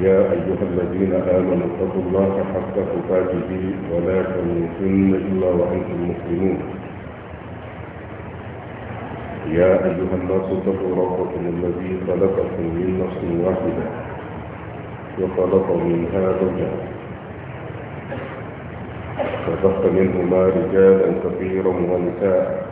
يا أيها الذين آمنوا اتقوا الله حق تقاته ولا تموتن إلا وأنتم مسلمون يا أيها الناس اتقوا ربكم الذي خلقكم من نفس واحدة وخلق منها رجال فبث منهما رجالا كثيرا ونساء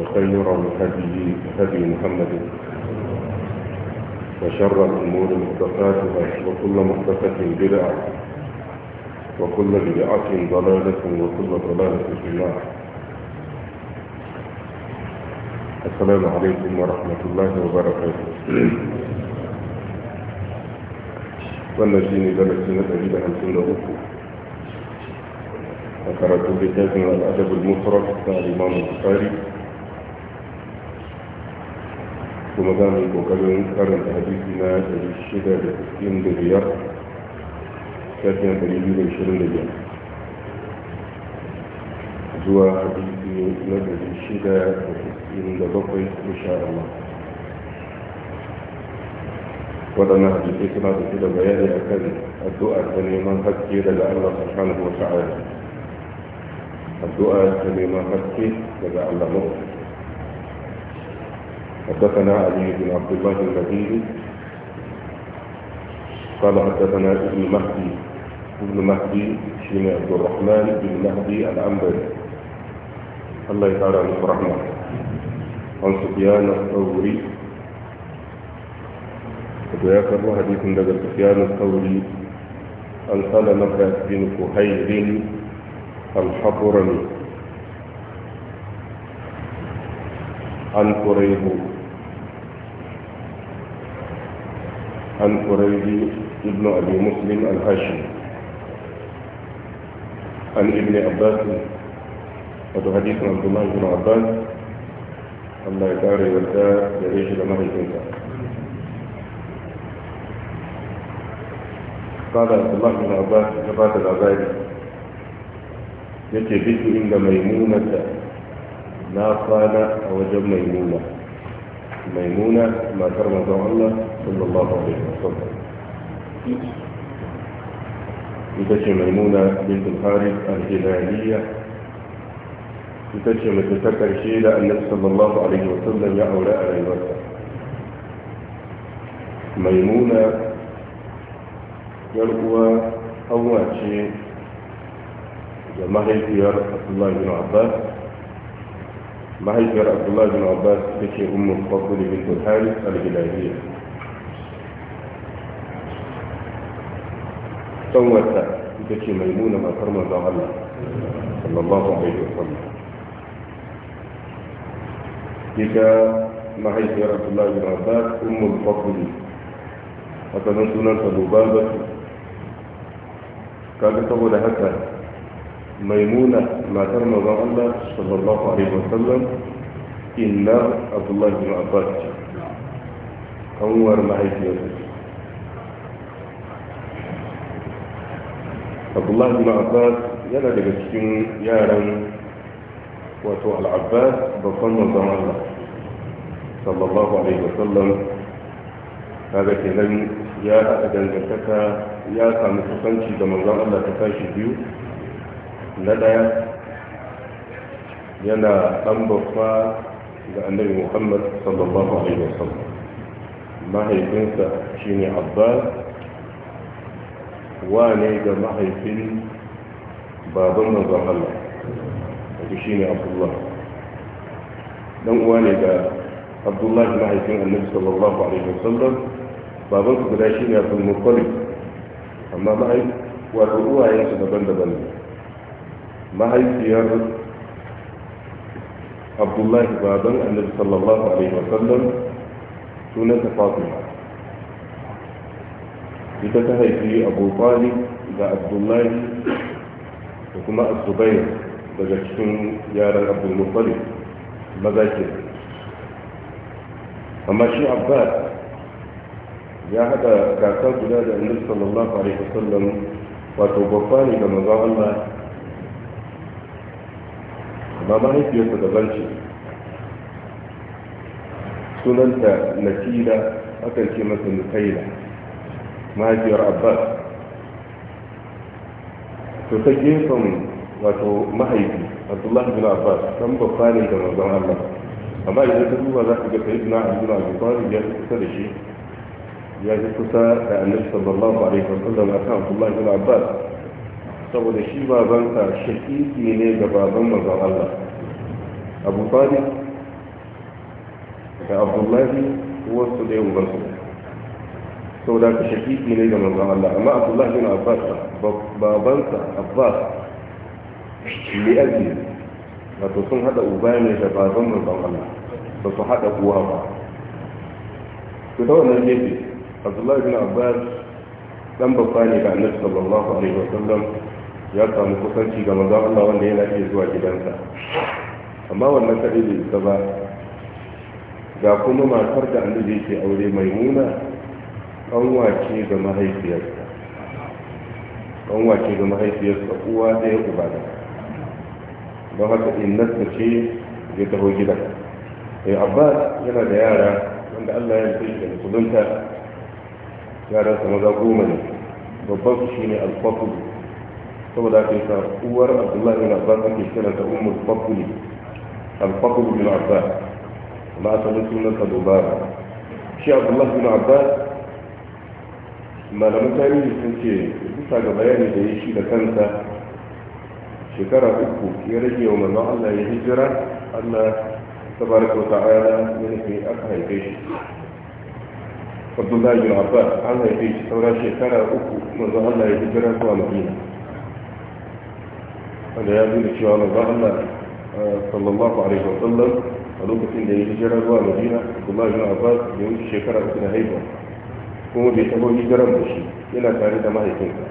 وخير الهدي هدي محمد وشر الأمور محدثاتها وكل محدثة بدعة وكل بدعة ضلالة وكل ضلالة في النار السلام عليكم ورحمة الله وبركاته والنجين بلسنة إلى أنتم لأكم ذكرت بكاتب الأدب المفرد الإمام البخاري رمضان الكوكبين كان تهديفنا للشدة لتسكين بغير كاتنا تجديد الشرين لجان زوى حديثي نبع للشدة لتسكين لبقي إن شاء الله ودنا حديثنا بكل بيان أكد الدعاء كني من فكر لأن سبحانه وتعالى الدعاء كني من فكر لأن الله مؤمن حدثنا علي بن عبد الله المديني قال حدثنا ابن مهدي ابن مهدي بن عبد الرحمن بن مهدي العنبري الله يتعالى عنه رحمه عن سفيان الثوري ويذكر حديث لدى سفيان الثوري عن سلمة بن كهيل الحضرمي عن قريب عن قريبي ابن أبي مسلم الهاشم عن ابن عباس وهذا حديث عن عبد الله بن عباس الله يدار والدار يعيش لما هي قال عبد الله بن عباس جفاة العبادة يتبت إن ميمونة لا قال أوجب ميمونة ميمونة ما ترمز الله صلى الله عليه وسلم بتشي ميمونة بنت الحارث الهلالية بتشي متفكر شيء لأن صلى الله عليه وسلم يعول على الوسط ميمونة يرقوا أول شيء جماعة يرى عبد الله بن عباس ما هي عبد الله بن عباس بشي أم الفضل بنت الحارث الهلالية kanwarsa ita ce mai nuna matar mazan Allah sallallahu alaihi wasallam ita mahaifiyar Abdullah bin Abbas ummul fadl haka nan sunan ta su kaga saboda haka maimuna matar mazan Allah sallallahu alaihi wasallam inna Abdullah bin Abbas kanwar mahaifiyarsa abdullahi bin abbas yana daga cikin yaran wato al'abbas babban manzon allah sallallahu alaihi wasallam kaga kenan ya haɗa dangantaka ya samu kusanci da manzon allah ta kashi biyu na ɗaya yana ɗan babba ga annabi muhammad sallallahu alaihi wasallam mahaifinsa shine abbas wane ga mahaifin baban manzon Allah wato shine Abdullah dan uwa ne ga Abdullah mahaifin Annabi sallallahu alaihi wasallam baban su guda shine Abdul Muttalib amma mahaif wato uwayen su daban-daban ne mahaifiyar Abdullah baban Annabi sallallahu alaihi wasallam sunanta Fatima ita ta haifi abu talib da abdullahi da kuma asubai daga cikin yaran abdulmuttalib maza ke amma shi abbas ya haɗa kakar guda da annabi sallallahu alaihi wasallam wato babba ne ga maza Allah amma mahaifiyarsa da zance sunanta nakira akan ce masa nukaila mahaifiyar abbas to ta gefen wato mahaifi abdullahi bin abbas san babba ne da manzon allah amma idan ta duba za ka ga sai na abdullahi bin abbas ya kusa da shi ya ji kusa da annabi sallallahu alaihi wasallam akan abdullahi bin abbas saboda shi babansa shakiki ne ga baban manzon allah abu talib da abdullahi wasu da yau sau da ka shakiki ne ga manzan Allah amma abdullah bin abbas babansa abbas mai aji wato sun hada uba ne da baban manzan Allah ba su hada uwa ba su ta wannan gefe abdullah bin abbas dan babba ne ga annabi sallallahu alaihi wasallam ya samu kusanci ga manzan Allah wanda yana iya zuwa gidansa amma wannan kadai bai isa ba ga kuma matar da annabi yake aure maimuna kanwace ga mahaifiyarsa kanwace ga mahaifiyarsa uwa ɗaya uba da don haka innarsa ce zai taho gida sai eh, abbas yana da yara wanda allah ya fi da musulunta yaran sa maza goma ne babban su shi shine alfafu saboda aka yi sa uwar abdullahi bin abbas ake kiran ta ummul fafuli alfafu bin abbas ma asalin sunan sa dubara shi abdullahi bin abbas malamin tarihi sun ce bisa ga bayani da ya shi da kansa shekara uku ya rage wa manzon Allah ya hijira Allah tabaraka wa ta'ala ya nufi aka haife shi Abdullahi bin Abbas an haife shi saura shekara uku manzon Allah ya hijira zuwa Madina wanda ya zuwa cewa manzon Allah sallallahu alaihi wa sallam a lokacin da ya hijira zuwa Madina Abdullahi bin Abbas ya wuce shekara uku na haihuwa kuma bai taho hijiran da shi yana tare da mahaifinsa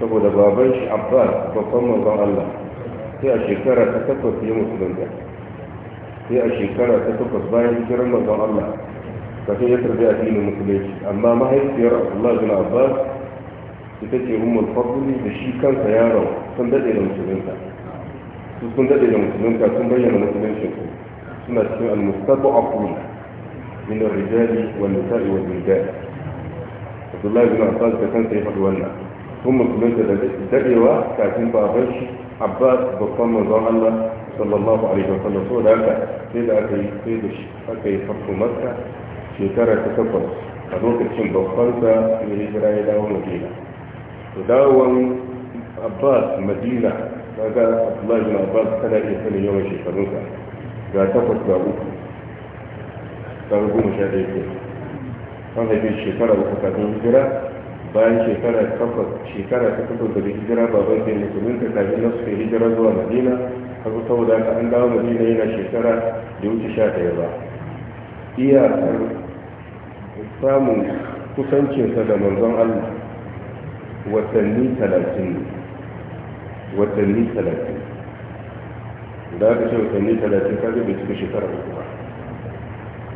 saboda baban shi abbas babban manzon allah sai a shekara ta takwas ya musulunta sai a shekara ta takwas bayan hijiran manzon allah kafin ya tarbi addinin musulunci amma mahaifiyar abdullah bin abbas ita ce umar fadli da shi kansa yaron sun daɗe da musulunta su sun daɗe da musulunta sun bayyana musulunci suna cikin al-mustaqbal min ar-rijali wan-nisa'i wal-bilad abdullahi bin abbas da kansa ya faɗi wannan sun musulunta da daɗewa kafin baban shi abbas babban manzon allah sallallahu alaihi wa sallam so da haka sai da aka yi sai da shi aka yi farko makka shekara ta takwas a lokacin babbansa ya hijira ya dawo madina to dawowan abbas madina daga abdullahi bin abbas kana iya sanin yawan shekarunsa ga takwas ga uku ga goma sha ɗaya kenan an haife shekara uku kafin hijira bayan shekara takwas shekara ta takwas daga hijira baban ke musulmin ta kafin na suka hijira zuwa madina kasu saboda haka an dawo madina yana shekara da wuce sha ɗaya ba iyakar samun kusancinsa da manzon allah watanni talatin watanni talatin da aka ce watanni talatin kaga bai cika shekara uku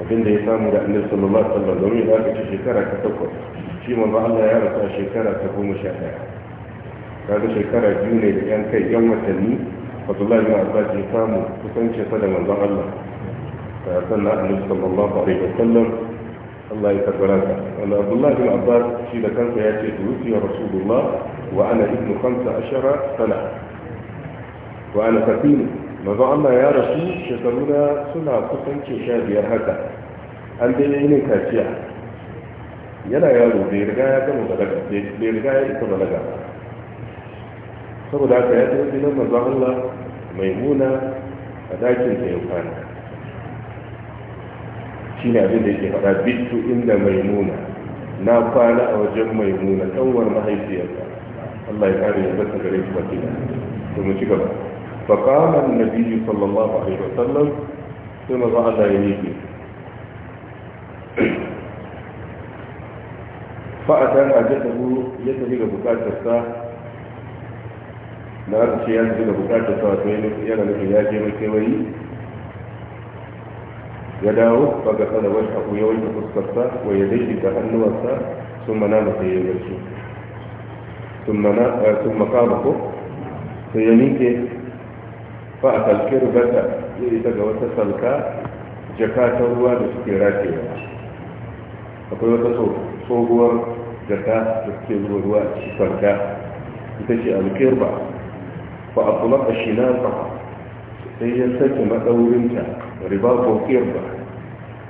abin da ya samu da annabi sallallahu alaihi wasallam domin ya aka shekara ta takwas shi manzo Allah ya rasa shekara ta goma sha ɗaya kaga shekara biyu ne da yan kai yan watanni Abdullahi bin Abbas ya samu kusanci sa da manzon Allah ta sannan annabi sallallahu alaihi wasallam Allah ya ka wanda Abdullahi bin Abbas shi da kansa ya ce duwuti ya Rasulullah wa ana ibnu 15 sana wa ana fatini mazan allah ya rasu shekaru na suna kusan sha biyar haka an dai ne kaciya yana yaro bai riga ya gama daga bai riga ya isa daga saboda haka ya tafi nan mazan allah mai muna a dakin da ya kwana shi ne abin da yake faɗa bitu inda mai muna na kwana a wajen mai muna ɗanwar mahaifiyarsa allah ya kare ya zata gare shi wakila ci gaba فقال النبي صلى الله عليه وسلم ثم ضعد عينيه فأتى أجته يتهيك بكاتة الساعة لا أرشي يتهيك يعني بكاتة الساعة فإن يرى لحياتي من كوي يداه فقصد وجهه يويت فسكتا ويديه تأنوى الساعة ثم نام في يمشي ثم, ثم قام فوق فيمينك في fa a salki rubata zai ita ga wata salka jaka ta ruwa da suke ratewa akwai wata tsohuwar jaka da suke zuwa ruwa a salka ita ce alkirba ba a kula a shi na sai ya sake maɗaurinta riba ko kirba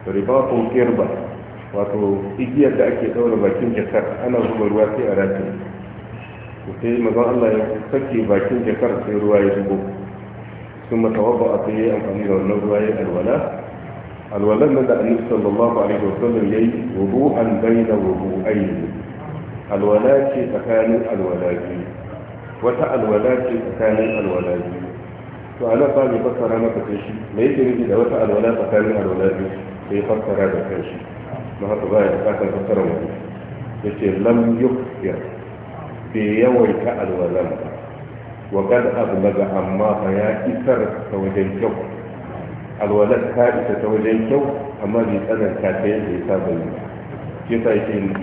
riba ko kirba wato igiyar da ake ɗaura bakin jakar ana zuba ruwa sai a rafi sai mazan allah ya sake bakin jakar sai ruwa ya zubo sun matawabba a sai amfani da wannan ruwa ya alwala alwalan nan da annabi sallallahu alaihi wasallam yayi wudu'an baina wudu'ayn alwala ce tsakanin alwala biyu wata alwala ce tsakanin alwala biyu to ana ba mai fassara maka kai shi me yake nufi da wata alwala tsakanin alwala biyu sai fassara da shi ba ya وقد أبلغ عما يا إسر توجين كو الولد كائسة توجين كو أما بيتنا كاتين بيتاب الله كيف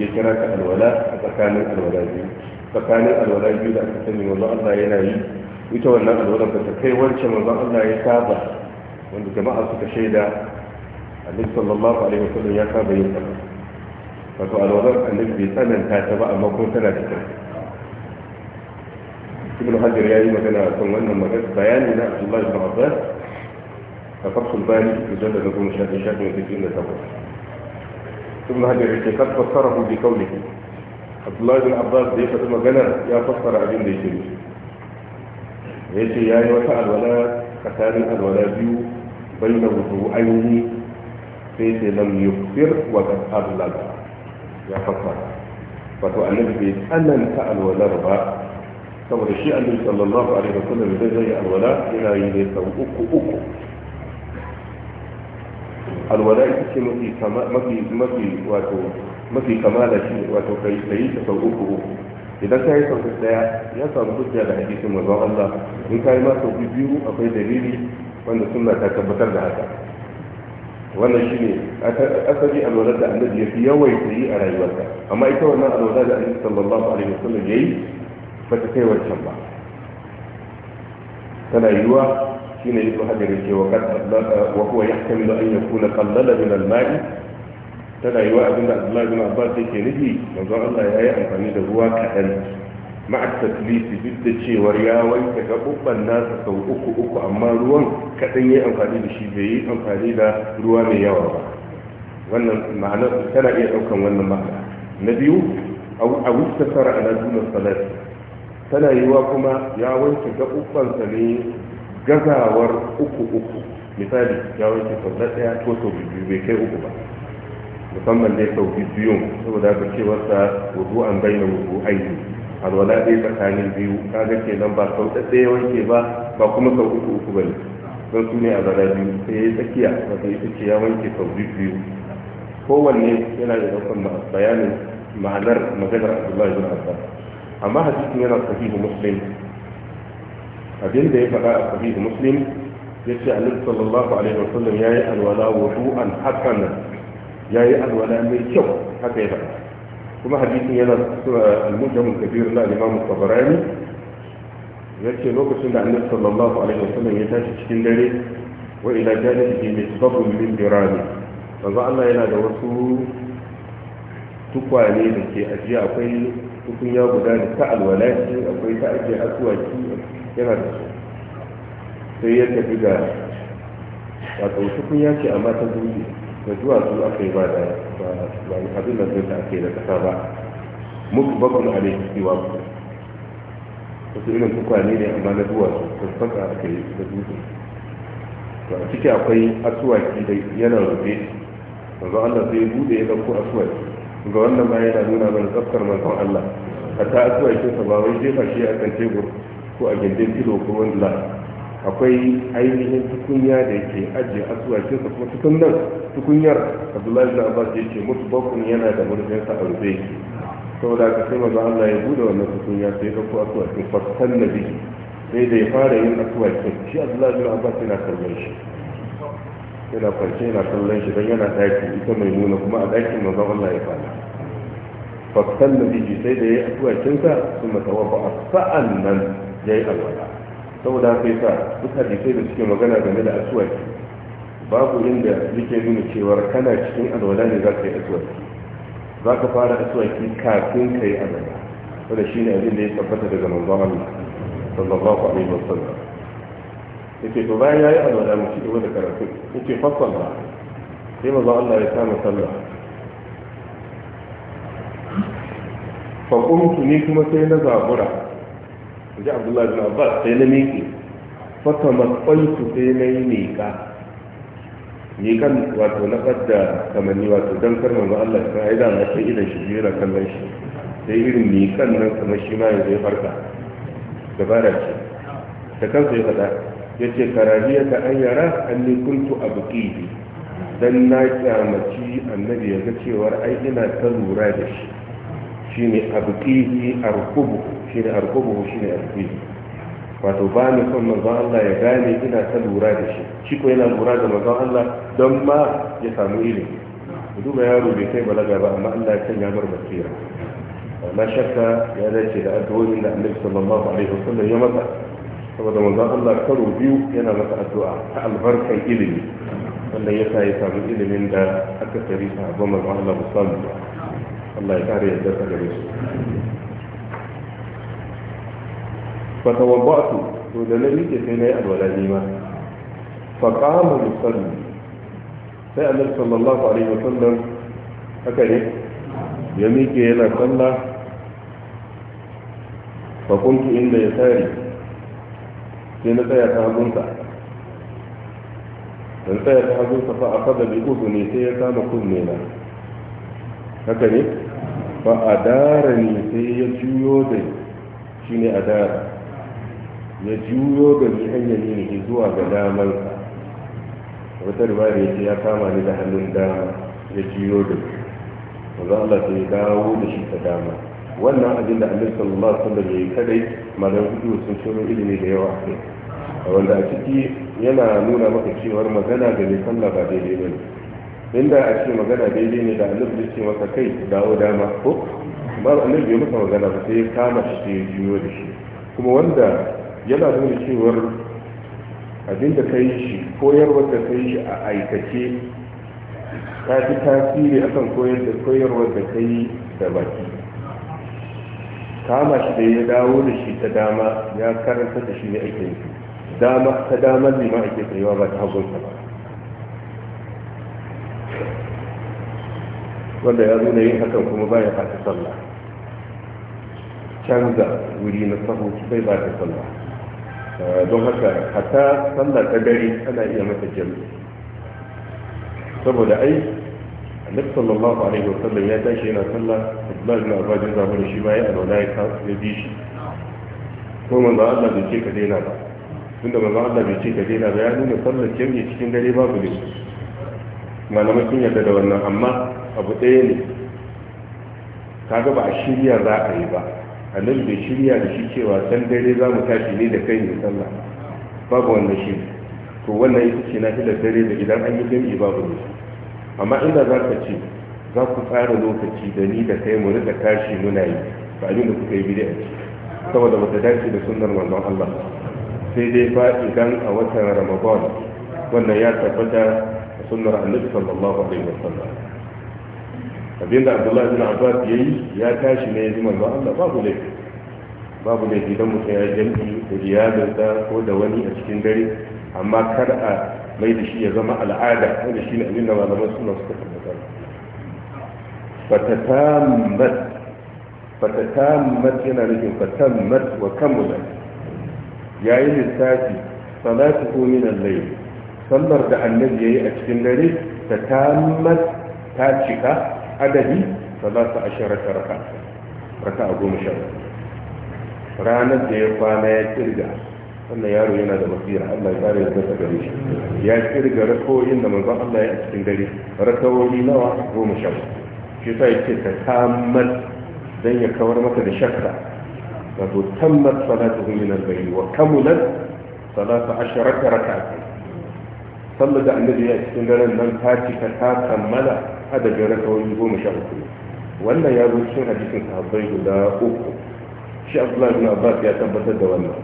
يكراك الولد فكان الولد فكان الولاء يولا أكتني والله الله يناي يتولى الولد فتكي وانشا والله الله يتابع وانت جماعة تشيدا النبي صلى الله عليه وسلم يتابع يتابع فتو الولاء النبي بيتنا كاتبا أما كنت لا تتابع ابن حجر يعني مثلا كنا لنا مجال بيان من عبد الله بن عباس فتح الباري مجلد نجوم شهد شهد من تجين لتبوح ابن حجر قد فسره بقوله عبد الله بن عباس ليس ثم جنى يا فسر عبد الله بن عباس يعني وسع الولاء قتال الولاء بين وضوءين فيه لم يكفر وقد أبلغ يا فسر فتؤلف بيت أنا نسأل ولا رباه saboda shi annabi sallallahu alaihi wasallam idan zai alwala yana yi ne sau uku uku alwala ita ce mafi mafi wato mafi kamala shi wato kai kai ta sau uku uku idan ka yi sau daya ya samu hujja da hadisin manzon Allah in ka yi ma sau biyu akwai dalili wanda sunna ta tabbatar da haka wannan shi ne asali alwala da annabi ya fi yawaita yi a rayuwarsa amma ita wannan alwala da annabi sallallahu alaihi wasallam ya yi ba ta kai wancan ba tana yiwuwa shi ne ibn hajar yake wa kan wa huwa yahtamilu an yakuna qallala min al-ma'i tana yiwuwa abinda Abdullah ibn Abbas yake nufi manzon Allah ya yi amfani da ruwa kaɗan ma'a taslifi duk da cewar ya wanke gaɓuɓɓan nasa sau uku uku amma ruwan kaɗan ya yi amfani da shi bai yi amfani da ruwa mai yawa ba wannan ma'anar tana iya ɗaukan wannan ma'ana na biyu a wuce tasara a nazunar salati tana yi wa kuma ya wanke gaɓuɓɓansa ne gazawar uku uku misali ya wanke sau na ɗaya ko sau biyu bai kai uku ba musamman ne sau biyu saboda haka cewarsa wudu an bayyana wudu aini alwala ɗaya tsakanin biyu Ka ke kenan ba sau ɗaya wanke ba ba kuma sau uku uku ba ne don su ne a zara biyu sai ya yi tsakiya wata ita ce ya wanke sau biyu kowanne yana da ɗaukar bayanin ma'anar maganar abdullahi bin abbas amma hadisin yana sahihu muslim abin da ya faɗa a sahihu muslim ya ce annabi sallallahu alaihi wasallam ya yi alwala wudu'an hakan ya yi alwala mai kyau haka ya faɗa kuma hadisin yana al-mujamul kabir na al-imam tabarani ya ce lokacin da annabi sallallahu alaihi wasallam ya tashi cikin dare wa ila janibi misbahun min dirani manzo Allah yana da wasu tukwane da ke ajiya akwai tukunya guda da ta alwala ce akwai ta ake asuwaki yana da su sai ya tafi ga wato tukunya ce amma ta zuri da su aka yi ba da ba abin da zai ta ake da kasa ba mutu bakon alaiki wa ku wasu irin tukwane ne amma na zuwa su saka aka yi da dutse to a ciki akwai asuwaki da yana rufe yanzu allah zai bude ya ɗauko asuwaki ga wannan ma yana nuna mana tsaftar manzon Allah a ta asuwa ke sa ba wai jefa shi a kan tebur ko a gindin filo ko wani la akwai ainihin tukunya da yake ajiye asuwa ke sa kuma nan tukunyar Abdullahi da Abbas ya ce mutu bakun yana da murfinsa a rufe yake saboda ka sai manzon Allah ya bude wannan tukunya sai ya dauko asuwa ke na biyu sai da ya fara yin asuwa ke shi Abdullahi da Abbas yana karɓar shi yana kwance yana kallon shi don yana ɗaki ita mai nuna kuma a ɗakin manzon Allah ya fara fasal da biji sai da ya asuwacinsa sun matawafa a sa'an nan ya yi alwala saboda haka yasa duk hadisai da suke magana game da asuwaki. babu inda yake nuna cewar kana cikin alwala ne za ka yi asuwaki. za ka fara asuwaki kafin ka yi alwala wanda shi ne abin da ya tabbata daga manzon Allah sallallahu alaihi wasallam yake to bayan ya yi alwala mu ci gaba da karatu yake fasal ba sai manzon Allah ya sa sallah faƙuntu ni kuma sai na zabura ji abdullahi bin abbas sai na miƙe fata matsaitu sai na yi miƙa miƙan wato na ɓadda kamanni wato don karnar ba allah ta yi na sai idan shi biyu na kallon shi sai irin miƙan nan kamar shi ma yanzu ya farka dabara ce da kansa ya faɗa ya ce karariya da an yara an ni kuntu a buƙi dan na kyamaci annabi ya ga cewar ai ina ta lura da shi shine abqihi arkubu shine arkubu shine abqihi wato ba ni son manzon Allah ya gane ina ta lura da shi shi ko yana lura da manzon Allah don ma ya samu ilimi duba yaro bai kai balaga ba amma Allah ya sanya mar basira na shakka ya dace da addu'o'in da Annabi sallallahu alaihi wasallam ya masa saboda manzon Allah karo biyu yana masa addu'a ta albarkar ilimi wannan yasa ya samu ilimin da aka tari sahabban manzon Allah musamman الله يتعري يدفك بيسو فتوبأت ودلني كثيرا ولا ديما فقام يصلي سأل صلى الله عليه وسلم أكده يميك إلى صلى فقلت إن يساري سنة يتهبونك فأخذ بأذني سيتام هكذا a dara ne sai ya juyo da Shi ne a dara. ya juyo da ni ne ke zuwa ga A wata riwaya ce ya kama ni da hannun dama ya juyo da ba za Allah sai dawo da shi ta dama wannan abin da Annabi sallallahu alaihi wasallam yayi kadai malam hudu sun shiro ilimi da yawa wanda a ciki yana nuna maka cewar magana da mai sallah ba daidai ne inda a ce magana daidai ne da annabi ya ce masa kai dawo dama ko ba annabi ya masa magana ba sai ya kama shi ya juyo da shi kuma wanda yana nuna cewar abinda ka yi shi koyarwar da ka yi shi a aikace ta fi tasiri akan koyar da koyarwar da ka yi da baki kama shi da ya dawo da shi ta dama ya karanta da shi ne ake yi dama ta dama ne ma ake kaiwa ba ta hagunsa ba wanda ya zo da yin hakan kuma ba ya ta sallah canza wuri na sahu bai ba ta sallah eh, don haka hatta sallah ta gari ana iya mata jami'i saboda ai annabi sallallahu alaihi wasallam ya tashi yana sallah Abdullah ibn Abbas ya zama shi ba ya alwala ya ya bi shi ko manzo Allah bai ce ka daina ba tunda manzo Allah bai ce ka daina ba ya nuna sallar jami'i cikin dare babu ne malamai sun yarda da wannan amma abu ɗaya ne kaga ba a shirya za a yi ba annabi bai shirya da shi cewa san dare za mu tashi ne da kai ne sallah babu wanda shi to wannan ita ce na da dare da idan an yi jami'i babu ne amma inda za ka ce za ku tsara lokaci da ni da kai mu rika tashi muna yi ba abin da kuka yi bid'a ci. saboda bata dace da sunnar wannan Allah sai dai fa idan a watan Ramadan wannan ya tabbata sunnar Annabi sallallahu alaihi wasallam abinda abdullahi bin abbas ya yi ya tashi ne ya ji manzo allah babu laifi babu laifi idan mutum ya jam'i da iyalinsa ko da wani a cikin dare amma kar a mai da shi ya zama al'ada wanda shi ne abin da malaman suna suka tabbatar fatatammat fatatammat yana nufin fatatammat wa kammula yayin lissafi salatu ko min al sallar da annabi ya yi a cikin dare ta tatammat ta cika adadi salasa asharata raka raka a goma sha ranar da ya kwana ya kirga wannan yaro yana da masira Allah ya kare da gare shi ya kirga rakoyin da manzon Allah ya cikin dare rakawoyi nawa goma sha shi sai yake ta tammat dan ya kawar maka da shakka wato tammat salatuhu min al-bayt wa kamulat salatu asharata raka'a sallar da annabi ya cikin daren nan ta cika ta kammala adadin rakawoyi goma sha uku wannan ya zo cikin hadisin sahabbai guda uku shi abdullahi bin abbas ya tabbatar da wannan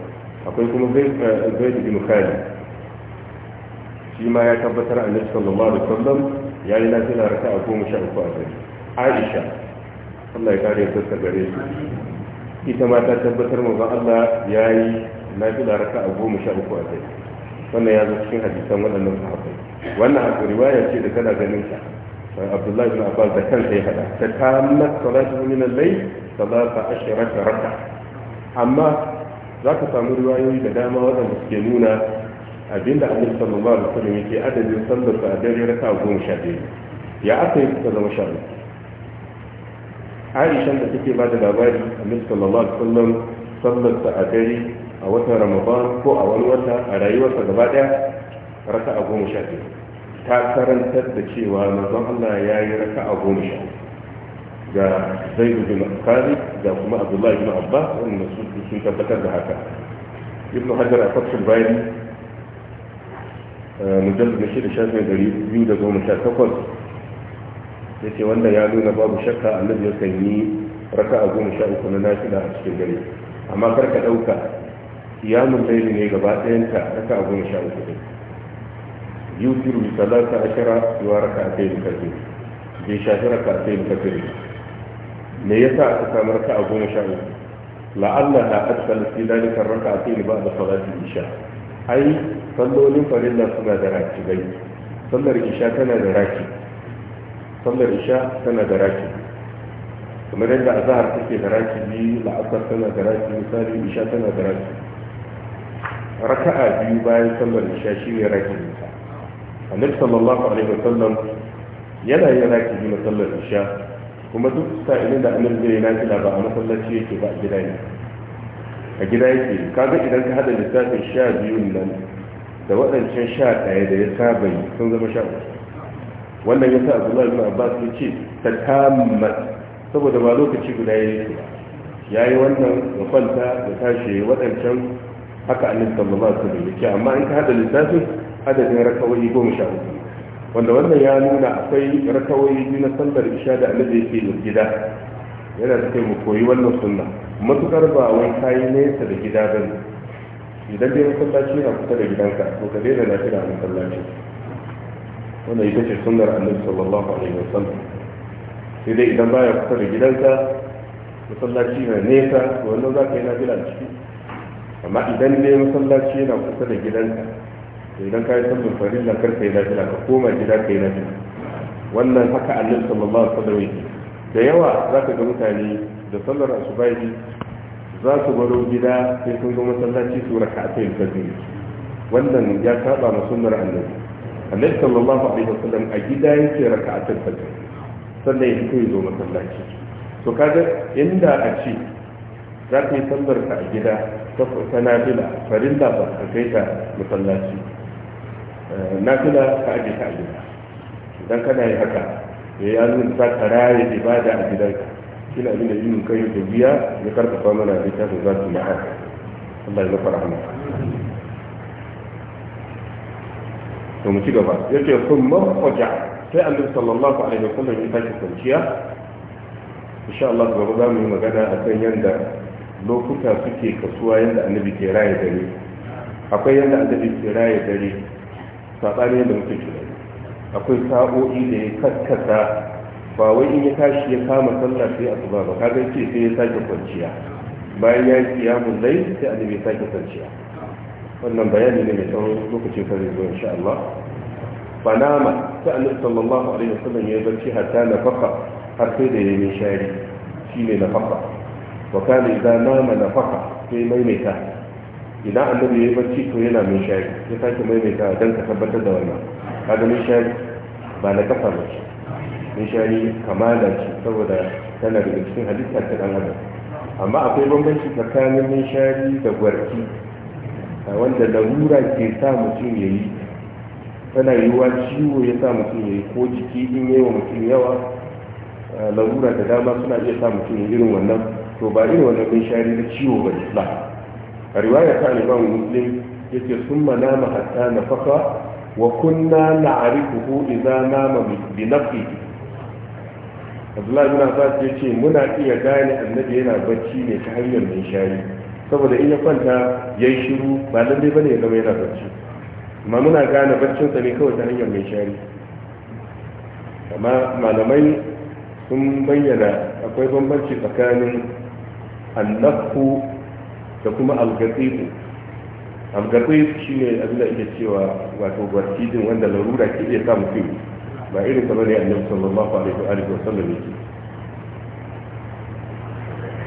akwai kuma zai eh, bin khalid shi ma ya tabbatar annabi sallallahu alaihi wasallam ya yi lafiya raka'a goma sha uku a gari aisha Allah ya kare ta gare su ita ma ta tabbatar ba Allah ya yi lafiya raka'a goma sha uku a gari wannan ya zo cikin hadisan waɗannan sahabbai wannan a riwaya ce da kana ganin sa abdullahi bin abbas da kansa ya faɗa ta kamar salatu min al-layl salata ashrata raka amma za ka samu riwayoyi da dama waɗanda suke nuna abinda annabi sallallahu alaihi wasallam yake adadin sallar sa a dare raka goma sha biyu ya aka yi kusa zama sha biyu aisha da take ba da labari annabi sallallahu alaihi wasallam sallar sa a dare a watan ramadan ko a wani wata a rayuwarsa gaba ɗaya raka goma sha biyu ta karantar da cewa manzon Allah ya yi raka a goma sha ga zaidu bin khalid da kuma abdullahi bin abbas wanda sun tabbatar da haka ibn hajar a fashin bayan eh, mujallar da shida shafin dari biyu da goma sha takwas ya ce wanda ya nuna babu shakka annabi yakan yi raka a goma sha uku na nafila a cikin gari. amma karka ɗauka ya mun ne gaba ɗayanta raka a goma sha uku yusiru salata ashara wa raka'atayn kafir bai shafi raka'atayn kafir me yasa aka samu raka'a goma sha uku la'allaha adkhala fi dalika raka'atayn ba'da salati isha ai sallolin farilla suna da raki bai sallar isha tana da raki sallar isha tana da raki kamar yadda azhar take da raki biyu la'asar tana da raki misali isha tana da raki raka'a biyu bayan sallar isha shine raki annabi sallallahu alaihi wasallam yana yin raki na sallar isha kuma duk sa'ilin da annabi zai yana kila ba a masallaci yake ba a gida ne a gida yake kaga idan ka hada lissafin sha biyun nan da waɗancan sha ɗaya da ya saba yi sun zama sha uku wannan ya sa abdullahi bin abbas ya ce ta kama saboda ba lokaci guda ya yi ya yi wannan ya kwanta da tashi waɗancan haka annabi sallallahu alaihi wasallam yake amma in ka hada lissafin adadin rakawai goma sha uku wanda wannan ya nuna akwai rakawai biyu na sallar isha da annabi yake da gida yana da kai mu koyi wannan sunna matukar ba wai kayi nesa da gida ba idan dai masallaci na kusa da gidanka to ka daina na kira masallaci wannan ita ce sunnar annabi sallallahu alaihi wasallam sai dai idan baya kusa da gidanka masallaci na nesa to wannan za ka yi na gida ciki amma idan dai masallaci yana kusa da gidanka idan ka yi sallar farilla kar ka yi lafiya ka koma gida ka yi lafiya wannan haka annabi sallallahu alaihi wasallam yake da yawa za ka ga mutane da sallar asubahi za su baro gida sai sun ga masallaci su raka a tsayin fajiri wannan ya saba ma sunnar annabi annabi sallallahu alaihi wasallam a gida yake raka a tsayin fajiri sannan ya fito ya zo masallaci to kaga inda a ce za ka yi sallar ka a gida ta nafila farilla ba ka kai ta masallaci Eh, nafila ka aje ta a gida idan kana yi haka eh, ya yi azumin za ka raya ibada a gidanka kina abin da yin kai da biya ya karfafa mana littafin za su ma'a Allah ya zafa rahama to mu ci gaba yace kun mafaja sai annabi sallallahu alaihi wa sallam ya tashi kwanciya insha Allah gobe za mu yi magana a kan yanda lokuta suke kasuwa yanda annabi ke raye dare akwai yanda annabi ke raye dare saɓani yadda muke shi akwai sa'o'i da ya kaskata. ba wai in ya tashi ya kama sallah sai a ba ka ga ce sai ya sake kwanciya bayan ya yi kiyamun lai sai annabi ya sake kwanciya wannan bayani ne mai tsawon lokacin kare zuwa insha Allah fanama ta annabi sallallahu alaihi wasallam ya barci hatta na faqa har sai da yayin shari shine na faqa wa kana idza nama na faqa sai maimaita idan annabi ya yi barci to yana mai shayi ya sake maimaita don ka tabbatar da wannan kaga mai shayi ba na kafa ba ce mai shayi kamala ce saboda tana daga cikin halitta ta dan adam amma akwai bambanci tsakanin mai shayi da gwarki wanda larura ke sa mutum ya yi tana yiwuwa ciwo ya sa mutum ya yi ko jiki in yi wa mutum yawa larura da dama suna iya sa mutum ya irin wannan to ba irin wannan mai shayi na ciwo ba islam a riwaya ta alimamu muslim ya ce sun manama hatta na faka wa kunna na arifuhu idza nama bi abdullahi bin sa ya ce muna iya gane annabi yana bacci ne ta hanyar mai shayi saboda in ya kwanta ya yi shiru ba ba bane ya zama yana bacci amma muna gane baccinsa ne kawai ta hanyar mai shayi amma malamai sun bayyana akwai bambanci tsakanin annafu da kuma algatsefu algatsefu shi ne abin da ake cewa wato gwarcijin wanda larura ke iya sa mutum ba irin kamar ya annabi sallallahu alaihi wa alihi wa sallam yake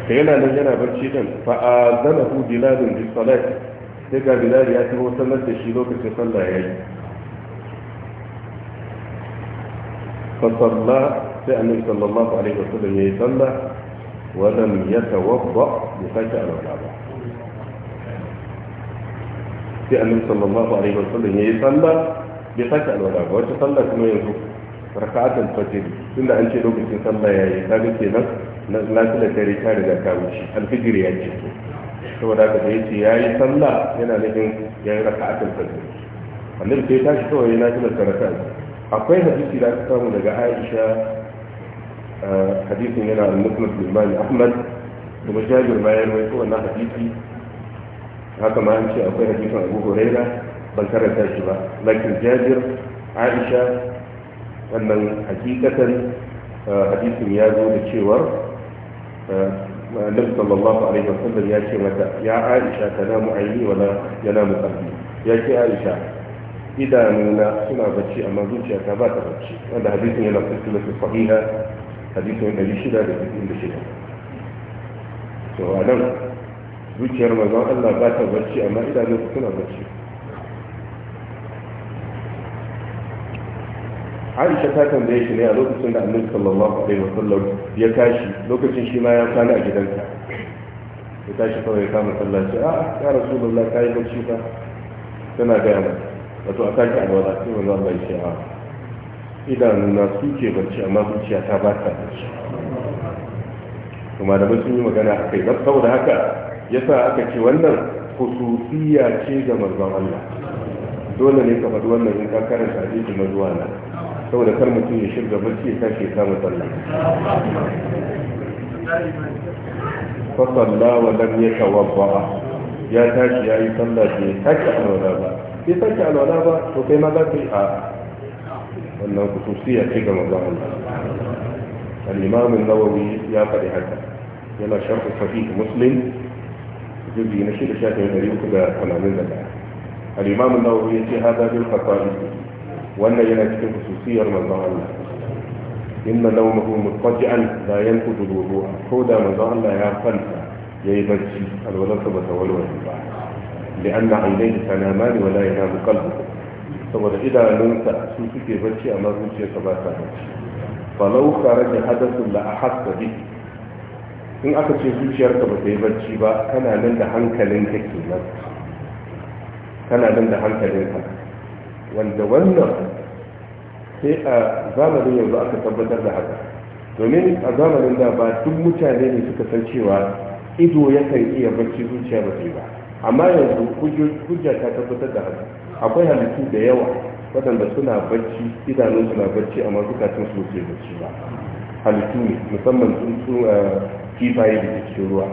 da yana nan yana barci dan fa azanahu biladun bis salat sai ga bilal ya taho sallar da shi lokacin sallah yayi fa salla sai annabi sallallahu alaihi wa sallam yayi sallah wa lam yatawadda bi saka'a al-wala sai annabi sallallahu alaihi wasallam yayi sallah ya sake alwada ba wata sallah kuma yanzu raka'atul fajr tunda an ce lokacin sallah yayi kaga kenan na lafiyar da ta riga ta wuce alfijir ya ce saboda haka da yace yayi sallah yana nufin yayi raka'atul fajr annabi sai tashi kawai yana tuna karatu akwai hadisi da aka samu daga Aisha eh, hadisin yana al-Muslim bin Ahmad kuma Jabir bayan wai ko wannan hadisi haka ma an ce akwai hadisin abu huraira ban karanta shi ba lakin jabir aisha wannan hakikatan eh, hadisin ya zo da cewar eh, annabi sallallahu alaihi wasallam ya ce mata ya aisha tanamu aini wala yana qalbi ya ce aisha idanuna suna bacci amma zuciyata ba ta bacci wanda hadisin yana su fahimta hadisin 666 to anan zuciyar manzon Allah ba ta barci amma idanun su suna barci Aisha ta tambaye shi ne a lokacin da Annabi sallallahu alaihi wasallam ya tashi lokacin shi ma ya kwana a gidansa ya tashi kawai ya kama sallah ce a ya rasulullah ka yi barci fa tana gaya mana wato a tashi alwala sai manzon Allah ya ce a idanuna suke barci amma zuciya ta ba ta barci kuma da sun yi magana a kai saboda haka Ya sa aka ce wannan hususiya ce ga manzon Allah dole ne ka faɗi wannan in ka karanta hadisi na mazuwa na saboda kar mutum ya shirga bacci ya tashi ya samu sallah fa salla wa lam yatawabba ya tashi ya yayi sallah bai sake alwala ba bai sake alwala ba to kai ma za ka yi a wannan hususiya ce ga manzon Allah al-imam an-nawawi ya faɗi haka yana sharh sahih muslim جزء نشيد شاكي مريم كده ثمانين لك الإمام النووي في هذا بالخطائب وأن ينأتي خصوصية من الله إن نومه مضطجعا لا ينقض الوضوء خذ من الله يا خلفه يبكي الولطبة والوجبة لأن عينيه تنامان ولا ينام قلبه saboda إذا su suke bacci أما zuciyarsa ba ta bacci falau kare da in aka ce zuciyarka ba ta yi barci ba kana nan da hankalinka nan, kana nan da hankalinka wanda wannan sai a zamanin yanzu aka tabbatar da haka domin a zamanin da ba duk mutane ne suka san cewa ido yakan iya barci zuciya ba ta ba amma yanzu hujja ta tabbatar da haka akwai halittu da yawa waɗanda suna barci idanun suna barci amma zukatun su ce barci ba halittu ne musamman tsuntsu eh, kifaye da ke cikin ruwa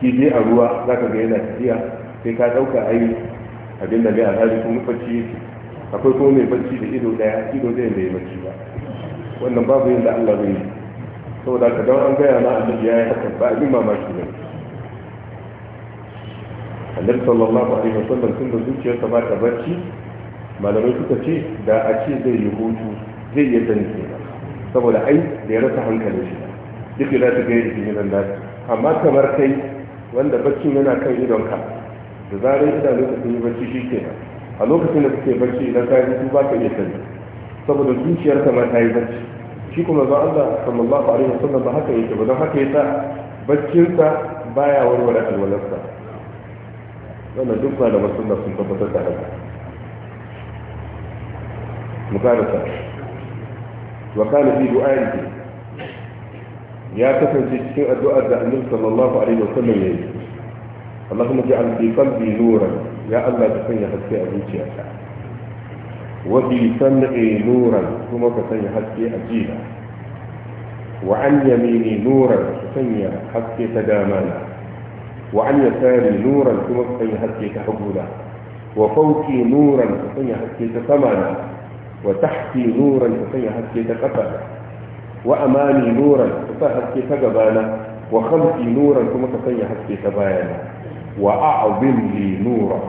kifi a ruwa za ka ga yana tafiya sai ka ɗauka ai abin da mai alhali kuma bacci akwai kuma mai bacci da ido ɗaya ido zai mai bacci ba wannan babu yin da Allah zai yi saboda ka don an gaya na annabi ya yi haka ba abin mamaki ne annabi sallallahu alaihi wasallam tun da zuciyarsa ba ta bacci malamai suka ce da a ce zai yi hutu zai yi zan saboda ai da ya rasa hankalin shi duk za ta gaya jini nan da amma kamar kai wanda baccin yana kan idonka da zarar idanu ka sun yi bacci shi ke a lokacin da suke bacci idan ka su ba ka iya sani saboda zuciyar kamar ta yi bacci shi kuma za Allah sallallahu alaihi wasallam ba haka yake ba don haka yasa baccinsa baya warware alwalarsa wannan duk malaman sunna sun tabbatar da haka mu karanta وقال في دعائه يا كفنتي في الدعاء النبي صلى الله عليه وسلم يا اللهم اجعل في قلبي نورا يا الله تسني حسي أبوتي أتا وفي سمعي نورا ثم تسني حسي أجيلا وعن يميني نورا تسني حسي تدامانا وعن يساري نورا ثم تسني حسي تحبولا وفوقي نورا تسني حسي تسمانا وتحتي نورا تسني حسي تقفلا وأمامي نورا فهدك فقبانا وخلفي نورا كما تسيح حسكي تبايانا وأعظم لي نورا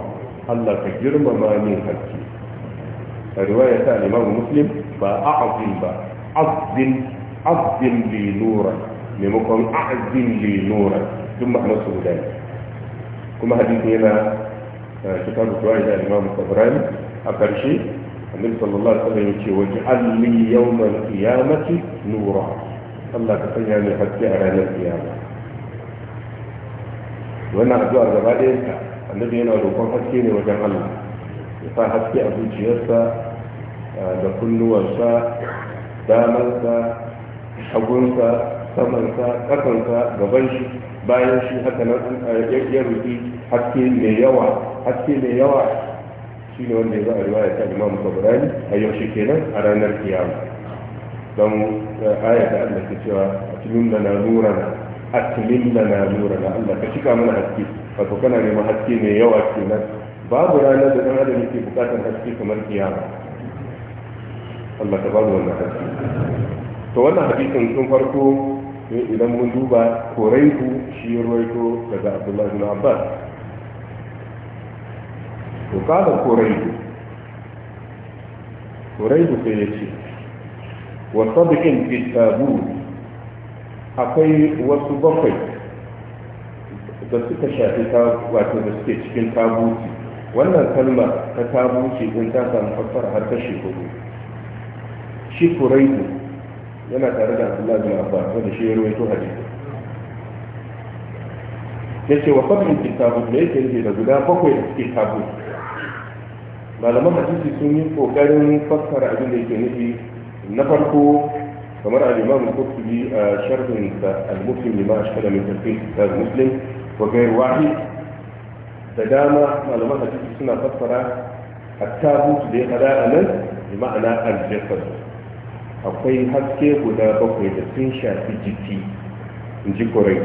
ألا تجر مماني حسكي الرواية الثانية الإمام مسلم فأعظم با عظم عظم لي نورا لمقام أعظم لي نورا ثم أحنا سودان كما حديثنا آه، كتاب الرواية الإمام الطبراني أكثر شيء النبي صلى الله عليه وسلم يقول واجعل لي يوم القيامة نورا الله كفيها من حتى أرانا القيامة وانا أدعو على ذلك النبي أنا أروقون حسيني وجعل الله فحسي أبو جيسا آه، لكل نورسا دامنسا حقنسا سمنسا kasansa gaban shi حتى shi haka nan ya rufi haske mai yawa shi ne wanda ya zo a riwaya ta imamu tabarani a yaushe kenan a ranar kiyama don eh, aya Allah ke cewa a tilin da na na a tilin da na na Allah ka cika mana haske wato kana neman haske mai yawa kenan babu ranar da ɗan adam yake buƙatar haske kamar kiyama Allah ta babu wannan haske to wannan hadisin sun farko eh, idan mun duba ku shi ruwaito daga Abdullahi bin Abbas to kada kuraidu kuraidu sai ya ce wa sabiqin kitabu, akwai wasu bakwai da suka shafi wato da suke cikin tabuti wannan kalma ta tabuti din ta samu fassara har ta hudu shi kuraidu yana tare da abdullahi bin abbas wanda shi ya rawaito hadisi yace wa sabiqin kitabu da yake da guda bakwai da suke tabuti malaman hadisi sun yi kokarin fassara abin da yake nufi na farko kamar al-imam al-qurtubi a sharhin al-muslim lima ashkala mai tafsir da muslim ko ghayr wahid da dama malaman hadisi suna fassara at-tabut da ya fada anan bi ma'ana al-jasad akwai haske guda bakwai da sun shafi jiki in ji kurai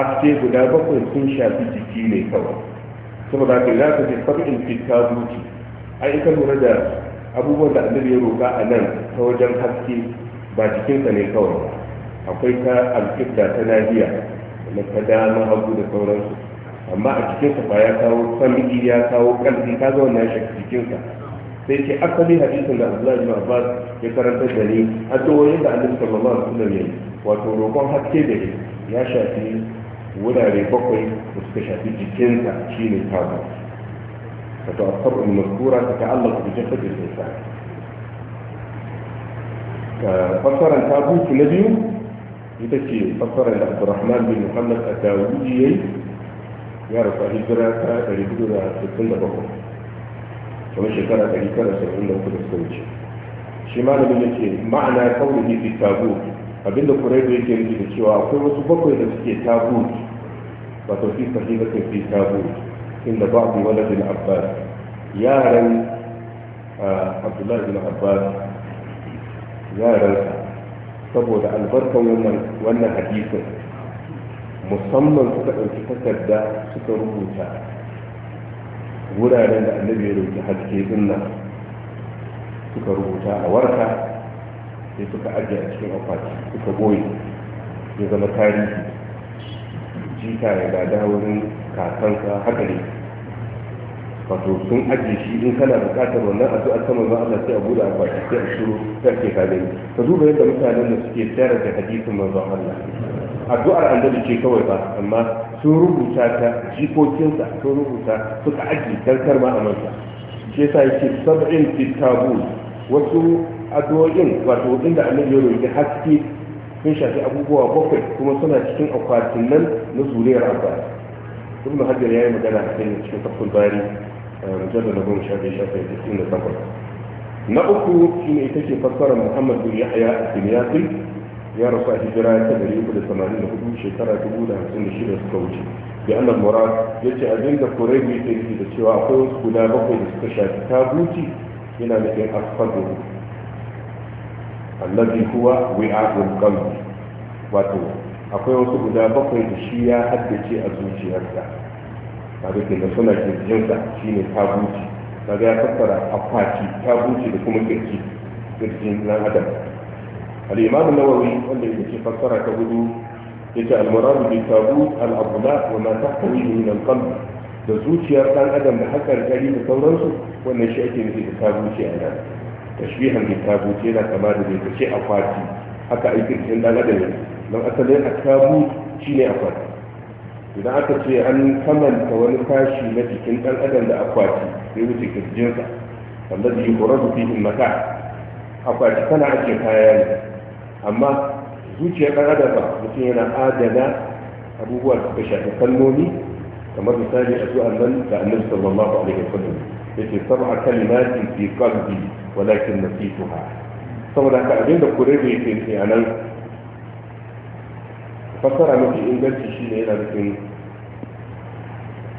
haske guda bakwai sun shafi jiki ne kawai saboda haka ya ta fi in fi zuci a ita lura da abubuwan da annabi ya roƙa a nan ta wajen haske ba jikinsa ne kawai akwai ta alƙibda ta nahiya na ta dama hagu da sauransu amma a cikinsa ba ya kawo sami ya kawo ƙarfi ta zo na shi jikinsa sai ce asali hadisin da Abdullahi bin Abbas ya karanta da ni addu'o'in da Annabi sallallahu alaihi wasallam ya yi wato roƙon haske da ya shafi wurare bakwai da suka shafi jikinsa shine tabu wato asabar mazkura ta Allah ta ta'allaka bi jasadi Fassara ta tabutu na biyu ita ce fassaran da abdurrahman bin muhammad ad-dawudi yayi ya rasu a hijira ta 467 kamar shekara 973 da suka wuce shi malamin ya ce ma'ana kawai ne fi tabu abinda kurai da yake nufi da cewa akwai wasu bakwai da suke tabu وتوفي صحيفة في تابوت عند بعض ولد العباس abbas Yaran abdullahi bin abbas yaran saboda albarkan wannan wannan hadisin musamman suka ɗauki takarda suka rubuta wuraren da annabi ya rubuta haske din nan suka rubuta a warka sai suka ajiye a cikin akwati suka goyi ya zama tarihi jika ya gada wurin kakansa haka ne wato sun ajiye shi in kana bukatar wannan addu'a ta manzon Allah sai a buɗe akwati sai a shiru sai ke ka gani ka duba yadda mutanen da suke tsara da hadisin manzon Allah addu'ar annabi ce kawai ba amma sun rubuta ta jikokinsa sun rubuta suka ajiye karkar ma a manta shi yasa yake sab'in fi wasu addu'o'in wato inda annabi ya roƙi haske sun shafi abubuwa bakwai kuma suna cikin akwatin nan na zuriyar abbas ibn hajar ya yi magana a kan cikin tafsir bari mujallar na goma sha biyu sha biyu cikin da takwas na uku shine ita ce fassarar muhammad bin yahya al-finyasi ya rasu a hijira ta dari uku da tamanin hudu shekara dubu da hamsin da shida suka wuce bi annal murad yace abin da kuraibi yi da cewa akwai wasu guda bakwai da suka shafi tabuti yana nufin asfadu allazi huwa wi'a'ul qalbi wato akwai wasu guda bakwai da shi ya haddace a zuciyarsa kaga kenan suna kirjinsa shine tabuci kaga ya fassara akwati tabuci da kuma kirji kirjin dan adam al-imam an-nawawi wanda yake fassara ta gudu yace al-murad bi tabut al-abla wa ma tahtawi min al da zuciyar dan adam da hakar gari da sauransu wannan shi ake nufi da tabuci a nan tashbihan bi tabut na kama da mai kace akwati haka aikin kin dan adam ne don asalin akabut shine akwati idan aka ce an kamanta wani kashi na jikin dan adam da akwati sai wuce kirjinsa wanda yi horar fihin mata akwati tana ake kaya ne amma zuciyar dan adam ba mutum yana adana abubuwa da shafi kalmomi kamar misali a zuwan nan da annabi sallallahu alaihi wasallam yake sab'a kalimatin fi qalbi walakin nasituha saboda haka abinda kurebe yake nufi a nan fasara mafi inganci shine yana nufin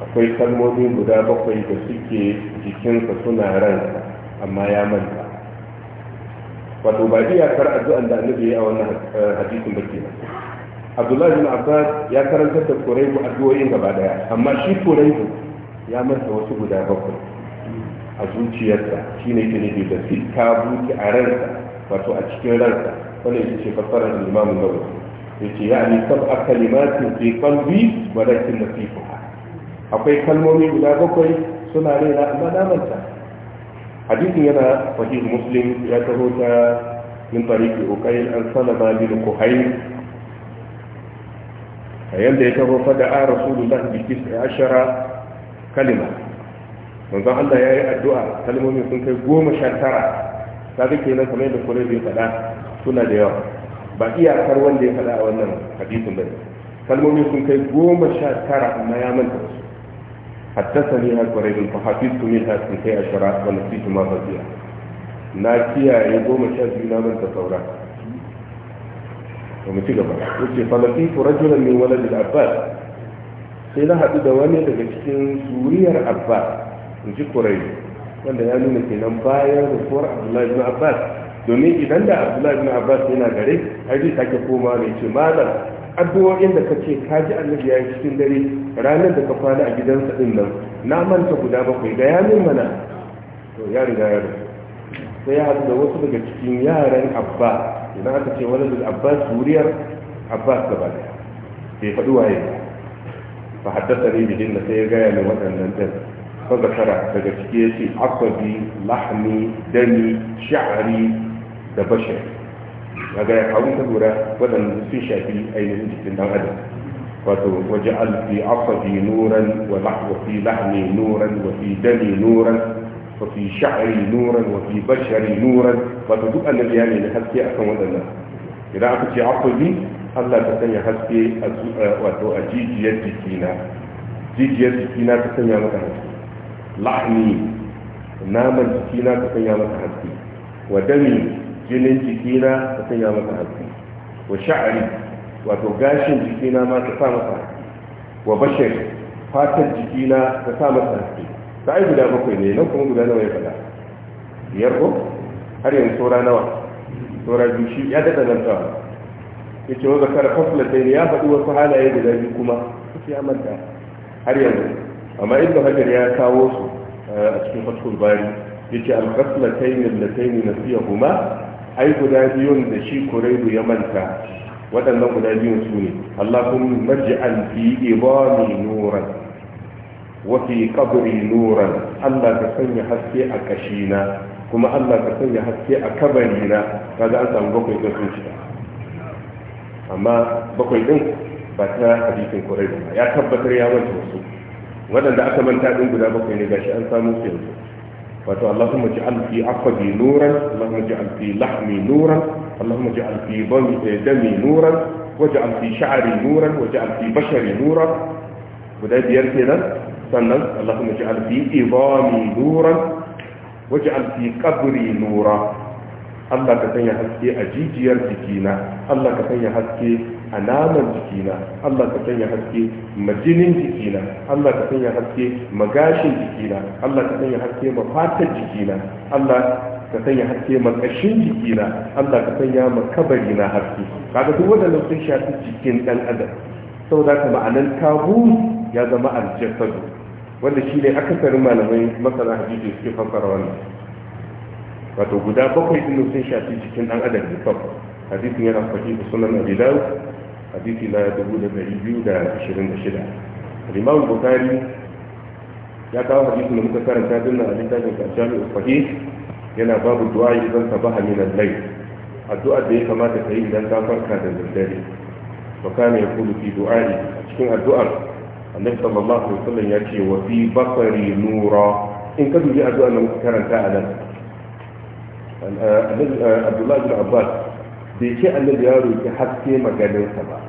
akwai kalmomi guda bakwai da suke jikinsa suna ransa amma ya manta wato ba iyakar addu'an da annabi ya a wannan hadisin bake ba abdullahi bin abbas ya karanta da kuraibu addu'o'in gaba daya amma shi kuraibu ya manta wasu guda bakwai a zuciyarsa shine ke nufi da fi tabuti a ransa wato a cikin ransa wanda ya ce fassara da imamu nawawi yace ya ani sab akalimatin fi qalbi wa lakin nasifuha akwai kalmomi guda bakwai suna raina amma na hadisin yana sahih muslim ya taho ta min tariqi uqayl an salama bin kuhayn a yanda ya taho fada a rasulullahi bi shara kalima manzon Allah ya yi addu'a kalmomin sun kai goma sha tara kaga kenan kamar yadda kore bai faɗa suna da yawa ba iyakar wanda ya faɗa a wannan hadisin bane kalmomin sun kai goma sha tara amma ya manta su حدثني ها قريب فحفظت منها سنتي عشرة ونسيت ما فيها ناكيا يقوم شاذينا من تصورا ci gaba yace falakitu rajulan min walad al-abbas sai na hadu da wani daga cikin suriyar abbas ji kurai wanda ya nuna kenan bayan rufuwar abdullahi bin abbas domin idan da abdullahi bin abbas yana gare har zai sake koma mai ce malam addu'o'in da kace ka ji annabi ya yi cikin dare ranar da ka kwana a gidansa din nan na manta guda bakwai ga nuna mana to ya riga ya sai ya haɗu da wasu daga cikin yaran abba idan aka ce wani daga abba suriyar abbas gaba daya bai faɗi waye ba haddasa ne bihin da sai ya gaya min waɗannan ɗin fa zakara daga ciki yace asabi lahmi dami sha'ri da bashar daga ya kawo ta lura waɗanda sun shafi ainihin jikin dan adam wato waje alfi asabi nuran wa lahwa fi lahmi nuran wa fi dami nuran wa fi sha'ri nuran wa fi bashari nuran wato duk annabi ya ne haske akan waɗannan idan aka ce asabi Allah ta sanya haske a jijiyar jikina jijiyar jikina ta sanya maka haske lahmi naman jikina ka sanya masa haske wa dami jinin jikina ka sanya masa haske wa sha'ari wato gashin jikina ma ka sa masa haske wa bashir fatar jikina ka sa masa haske ta ai guda bakwai ne nan kuma guda nawa ya faɗa biyar ko har yanzu saura nawa saura biyu shi ya daɗa nan tawa ya ce wa zakara fafla ya faɗi wasu halaye guda biyu kuma ya manta har yanzu amma ibnu hajar ya kawo su eh, a cikin fathul bari yace al-qaslatayn allatayn kuma ai guda biyun da shi kuraibu ya manta waɗannan guda biyun su ne allahumma marji'an fi ibami nuran wa fi nuran allah ka sanya haske a kashina kuma allah ka sanya haske a kabarina kaga an samu bakwai ɗin sun shiga amma bakwai ɗin ba ta hadisin kuraibu ba ya tabbatar ya manta wasu waɗanda aka manta ɗin guda bakwai ne gashi an samu su yanzu wato Allahumma ja'al fi afabi nuran Allahumma ja'al fi lahmi nuran Allahumma ja'al fi dami nuran waj'al fi sha'ri nuran waj'al fi bashari nuran guda biyar kenan sannan Allahumma ja'al fi idami nuran waj'al fi qabri nuran Allah ka sanya haske a jijiyar jikina Allah ka sanya haske a jikina Allah ka sanya haske majinin jikina Allah ka sanya haske magashin jikina Allah ka sanya haske mafatar jikina Allah ka sanya haske makashin jikina Allah ka sanya makabari na haske kaga duk wadannan sun shafi jikin dan adam saboda ka ma'anan kabu ya zama aljasadu wanda shi ne akasarin malamai masana hadisi suke fassara wannan wato guda bakwai din sun shafi jikin dan adam ne kawai hadisin yana faɗi sunan abi hadisi na 2226 al-imam bukhari ya kawo hadisin da muka karanta din na a littafin karshen al yana babu du'a idan sabaha min al-layl addu'a da ya kamata ka yi idan ka farka da daddare wa kana yaqulu fi a cikin addu'ar annabi sallallahu alaihi wasallam ya ce wa fi basari nura in ka dubi addu'a da muka karanta a nan Abdullahi bin Abbas bai ce annabi ya roki haske maganinsa ba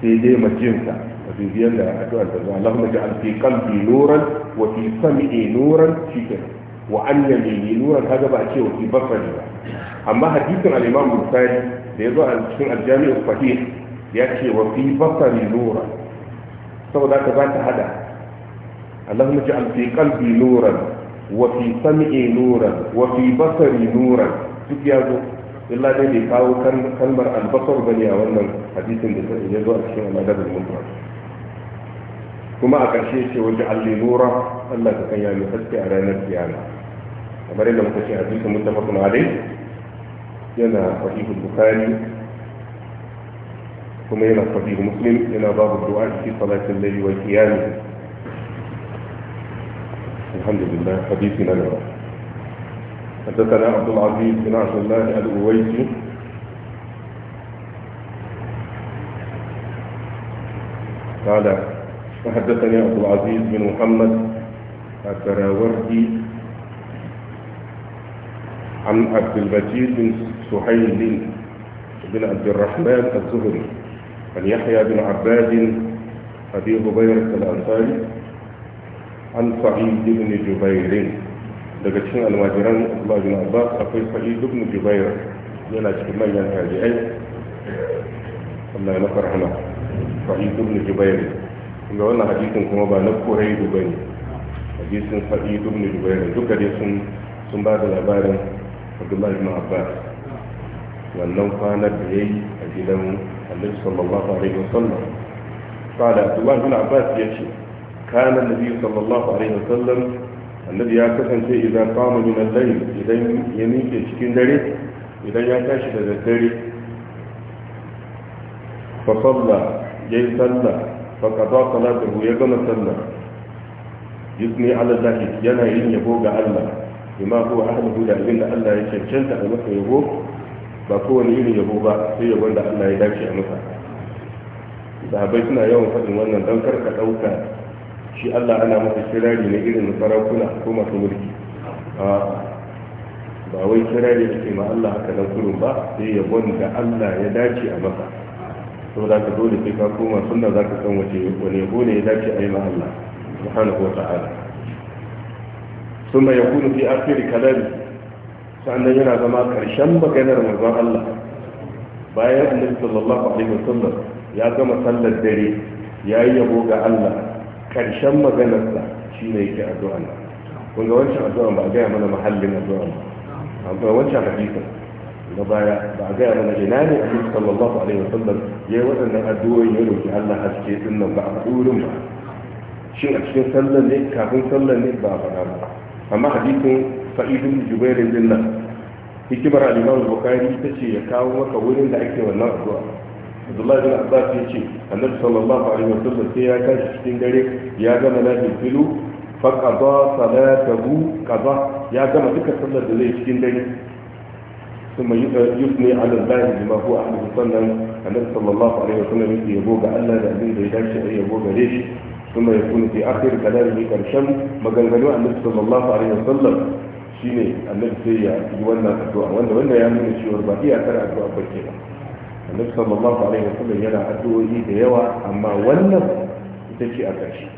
sai dai majinsa a dubiyar da addu'ar da zuwa Allahumma da fi qalbi nuran wa fi sam'i nuran shikenan wa an yamini nuran kaga ba ce wa fi basari ba amma hadisin al-Imam Bukhari da yazo a cikin al Fahim, al ya ce wa fi basari nuran saboda ka za ta hada Allahumma ja'al fi qalbi nuran wa fi sam'i nuran wa fi basari nuran duk ya zo illa dai bai kawo kalmar albasar bane a wannan hadisin da ya zo a cikin al'adar mutum kuma a ƙarshe ce wajen allinura Allah ka kan yami haske a ranar kiyama kamar yadda muka ce hadisin muttafaqun alayh yana sahihul bukhari kuma yana sahihul muslim yana babu du'a fi salatin layli wa qiyamih الحمد لله حديثنا لله حدثنا عبد العزيز بن عبد الله الأويسي قال وحدثني عبد العزيز بن محمد الدراوردي عن عبد المجيد بن سهيل بن عبد الرحمن الزهري عن يحيى بن عباد أبي هبيرة الأنصاري عن سعيد بن جبير daga cikin almajiran Abdullah bin Abbas akwai Sa'id ibn Jubair yana cikin manyan tabi'ai Allah ya maka rahama Sa'id ibn Jubair inda wannan hadisin kuma ba na korai Quraidu bane hadisin Sa'id ibn Jubair duka dai sun sun ba da labarin Abdullah ibn Abbas wannan kwanar da yayi a gidan Annabi sallallahu alaihi wasallam قال عبد الله بن عباس يشي كان النبي صلى الله عليه وسلم annabi ya kasance idan kama min al-layl idan ya miƙe cikin dare idan ya tashi daga dare fa salla yayi salla fa qada salatahu ya gama salla yusni ala zahid yana yin yabo ga Allah bima huwa ahluhu da abinda Allah ya cancanta a masa yabo ba kowane irin yabo ba sai yabon da Allah ya dace a masa sahabbai suna yawan faɗin wannan don karka ɗauka shi Allah ana masa kirari na irin sarakuna ko masu mulki ba wai kirari ake ma Allah haka nan kurun ba sai ya wanda Allah ya dace a masa saboda ka dole sai ka koma sunna zaka san wace wani yabo ne ya dace a yi ma Allah subhanahu wa ta'ala summa yakunu fi akhir kalami sannan yana zama karshen maganar manzon Allah bayan annabi sallallahu alaihi wasallam ya gama sallar dare ya yi yabo ga Allah karshen maganarsa shi ne yake addu'a nan kun ga wancan addu'a ba a gaya mana mahallin addu'a ba amma wancan hadisin da baya ba a gaya mana ina ne annabi sallallahu alaihi wasallam yayi waɗannan addu'o'i ya roki Allah haske din nan ba a durin ba shin a cikin sallar ne kafin sallar ne ba a faɗa ba amma hadisin sa'id ibn jubair din nan hikimar al-imam bukhari ce ya kawo maka wurin da ake wannan addu'a abdullahi bin abbas ya ce annabi sallallahu alaihi wasallam sai ya tashi cikin dare ya gama lafin filu fa qada salatahu qada ya gama duka sallar da zai cikin dare ثم يثني على الله بما هو احمد صلى النبي صلى الله عليه وسلم يبوغ الا لابن بيداش اي يبوغ ليش ثم يكون في اخر كلامه كرشم مغنغنو النبي صلى الله عليه وسلم shine annabi sai ya yi wannan addu'a wanda wannan ya nuna cewa ba iya kar addu'a bace ba annabi sallallahu alaihi wasallam yana addu'o'i da yawa amma wannan ita ce a ƙarshe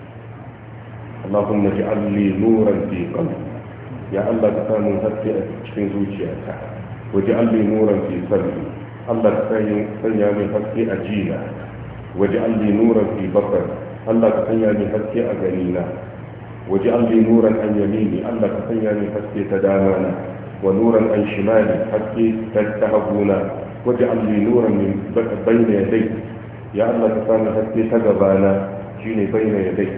اللهم اجعل لي نورا في قلبي يا الله تسامن هاتي أتشكين زوجياتا واجعل لي نورا في قلبي الله تسامن هاتي أجينا واجعل لي نورا في بصر الله تسامن هاتي أغنينا واجعل لي نورا عن يميني الله تسامن هاتي تدامانا ونورا عن شمالي هاتي تتهبونا واجعل لي نورا من بين يدي يا الله كفانا حسكي تغبانا جيني بين يدي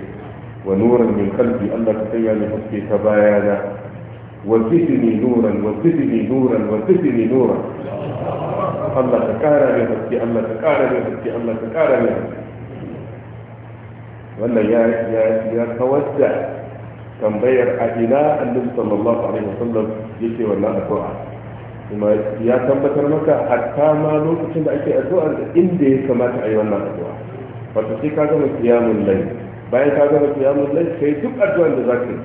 ونورا من قلبي الله كفانا حسكي تبايانا وزدني نورا وزدني نورا وزدني نورا الله تكارى يا حسكي الله تكارى يا حسكي الله يا لي ولا يا يا يا توسع تنبير أدناء النبي صلى الله عليه وسلم يشي ولا أقرأ kuma ya tabbatar maka hatta ma lokacin da ake addu'ar da inda ya kamata a yi wannan addu'a wato sai ka gama kiyamun lai bayan ka gama kiyamun lai sai duk addu'ar da za ka yi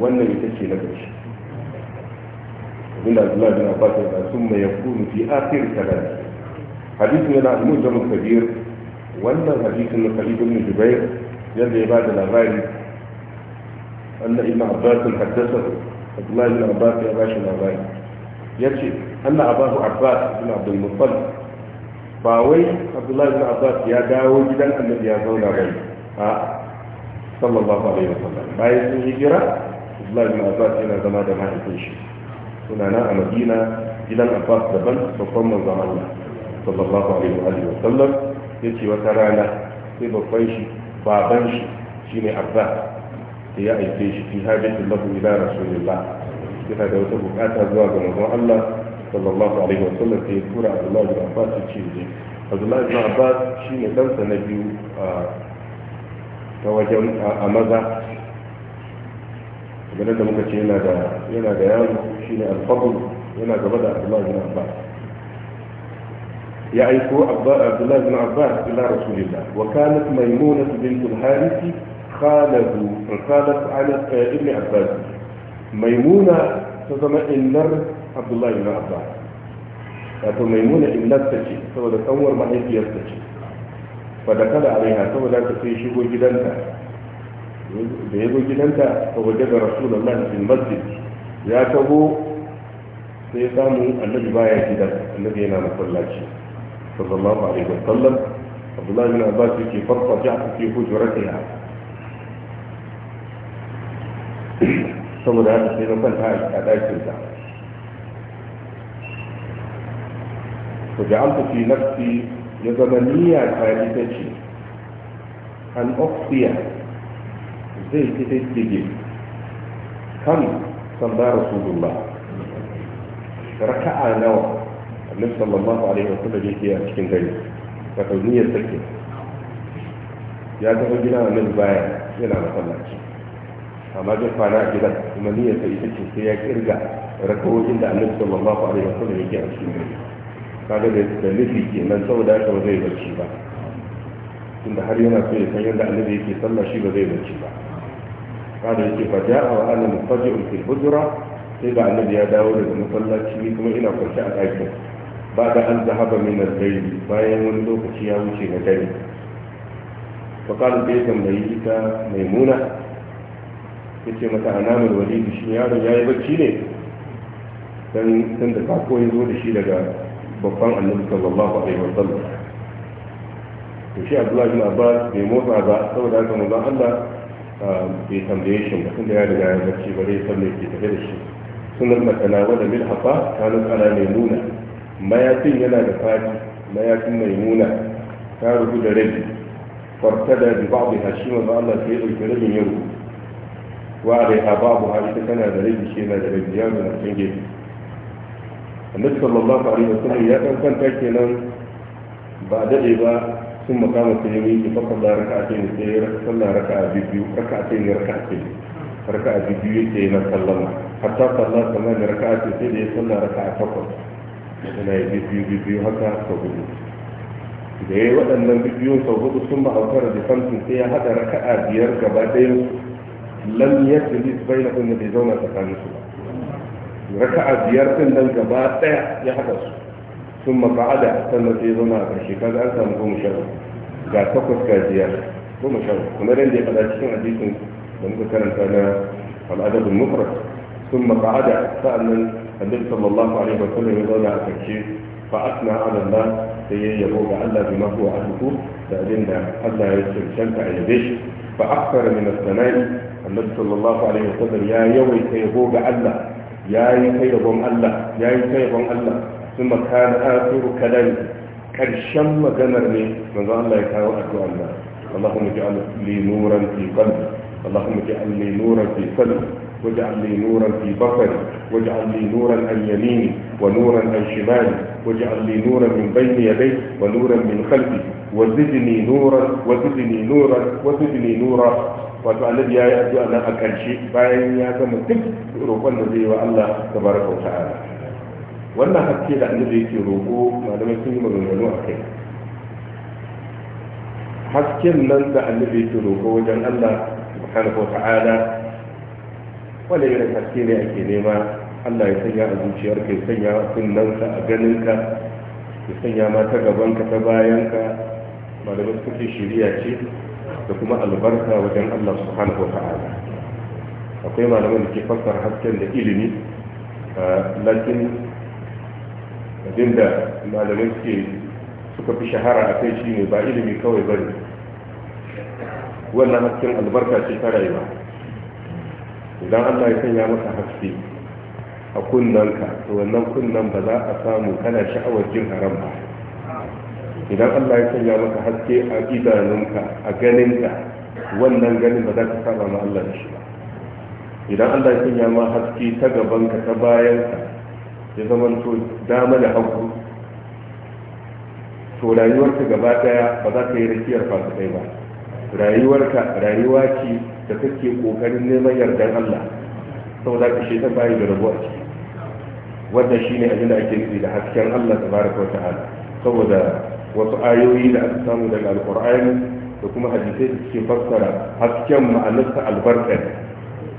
wannan ita ce na ƙarshe abinda abdullahi bin abbas ya ba sun mai yakunu fi ta kalam hadisin yana al-mujam kabir wannan hadisin na khalid ibn dubai yadda ya ba da labari anna ibn abbas haddatha abdullahi bin abbas ya ba shi labari ce. anna abahu abbas ibn abdul muttalib ba wai abdullahi ibn abbas ya dawo gidan annabi ya zauna bai a sallallahu alaihi wa wasallam bayan sun hijira abdullahi ibn abbas yana zama da mahaifin shi suna nan a madina gidan abbas daban babban manzon Allah sallallahu alaihi wa wasallam yace wata rana sai babban shi baban shi shine abbas da ya aike shi fi hajjin lahu ila rasulillah yana da wata bukata zuwa ga manzon Allah sallallahu alaihi wasallam sai tura abdullahi bin abbas ya ce je abdullahi bin abbas shine ɗansa na biyu ta wajen a maza game da muka ce yana da yana da yaro shine yana gaba da abdullahi bin ya aiko abdullahi bin abbas ila rasulillah wa kanat maimunah bint al-harith eh, ابن عباس maimuna ta zama innar abdullahi bin abbas wato maimuna illarta ce saboda kanwar mahaifiyarta ce da kada alaiha saboda ta sai shigo gidanta da ya zo gidanta ta waje da rasulullahi bin masjid ya taho sai samu annabi baya gidan annabi yana masallaci sallallahu alaihi sallam abdullahi bin abbas yake farfa ja fi hujratiha saboda haka sai na kwanta a sa ku ji an fi ya zama niyya ta ita ce an ofiya zai ita dige kan san da rasulullah raka'a nawa annabi sallallahu alaihi wasallam yake a cikin gari ka niyyar take ya zama gidan annabi baya yana masallaci amma duk kwana a gidan kuma niyyar ta ita ce sai ya kirga rakawoyin da a cikin gari kaga da nufi kenan saboda haka ba zai barci ba tunda har yana so ya san yadda annabi yake sallah shi ba zai barci ba kada yake fa a wa ana mufaji'un fil hujra sai ga annabi ya dawo daga masallaci ni kuma ina kwance a ɗakin ba da an zahaba min al bayan wani lokaci ya wuce na dare fa kada da ya mai ita maimuna yace mata anamul walidi shi yaro yayi bacci ne dan tun da ya zo da shi daga babban annabi sallallahu alaihi wa sallam to shi abdullahi bin abbas bai motsa ba saboda haka manzon Allah bai tambaye shi ba tunda ya riga ya bacci bare ya san ke tafe da shi sunan makana matanawala bil hafa kanat ala maimuna mayafin yana da fadi mayafin maimuna ta rubu da rabi fartada bi ba'dha shi manzon Allah sai ya dauki rabin yau wa alaiha babu ha ita tana da rabi shi yana da rabi ya na cikin gefe annabi sallallahu alaihi wasallam ya kan kwanta kenan ba dade ba sun makama sai yayi ki fa sallar raka'a ce sai sallar raka'a biyu raka'a ce ne raka raka'a ce raka'a biyu yake na sallama hatta sallar sallar raka'a ce sai da ya sallar a takwas yana yi biyu biyu haka sau hudu da ya yi waɗannan bibiyun sau hudu sun ba aukar da samsin sai ya haɗa raka a biyar gaba ɗaya lam yadda lis bai na kunna bai zauna tsakanin su ba. raka'a biyar din nan gaba daya ya haɗa su sun maka'ada sannan sai zama a ƙarshe kaga an samu goma sha ga takwas ga biyar goma sha kuma dan da ya faɗa cikin hadisin da muka karanta na al'adabin mufrad sun maka'ada sa'annan annabi sallallahu alaihi wa sallam ya zauna a ƙarshe fa asna ala Allah sai ya yabo ga Allah bima huwa ahluhu da abin da Allah ya cancanta a yabe shi fa akthara min as-sana'i annabi sallallahu alaihi wa sallam ya yawaita yabo ga Allah ya yi yabon Allah ya yi ta yabon Allah sun makana asiru kadan karshen maganar ne manzo Allah ya kawo addu'a Allah Allahumma ja'al li nuran fi qalbi Allahumma li nuran fi qalbi واجعل لي نورا في بصري واجعل لي نورا عن يميني ونورا عن شمالي واجعل لي نورا من بين يدي ونورا من خلفي وزدني نورا وزدني نورا وزدني نورا wato annabi ya yi addu'a nan a ƙarshe bayan ya gama duk roƙon da zai yi wa Allah tabaraka wa ta'ala wannan haske da annabi yake roƙo malamai sun yi maganganu a kai hasken nan da annabi yake roƙo wajen Allah subhanahu wa ta'ala wanda irin haske ne ake nema Allah ya sanya a zuciyarka ya sanya a kunnanka a ganinka ya sanya ma ta gabanka ta bayanka malamai suke shirya ce da kuma albarka wajen Allah subhanahu wa ta'ala akwai malaman da ke fassara hasken da ilimi lakin abinda malamai suke suka fi shahara a kai shi ne ba ilimi kawai bane wannan hasken albarka ce ta rayuwa idan allah ya sanya maka haske a kunnanka to wannan kunnan ba za a samu kana sha'awar jin haram ba idan allah ya sanya maka haske a idanunka a ganinka wannan ganin ba za ka saba ma allah da shi ba idan allah ya sanya ma haske ta gabanka ta bayanka ya zama to dama da hagu to rayuwarka gaba daya ba za ka yi rakiyar fasu ba rayuwarka rayuwa ce da kake kokarin neman yardar Allah saboda ka shi ta bayi da rabuwa ce wannan shine abin da ake nufi da hasken Allah baraka wata ta'ala saboda wasu ayoyi da aka samu daga alqur'ani da kuma hadisai da suke fassara hasken ma'anarsa albarka ne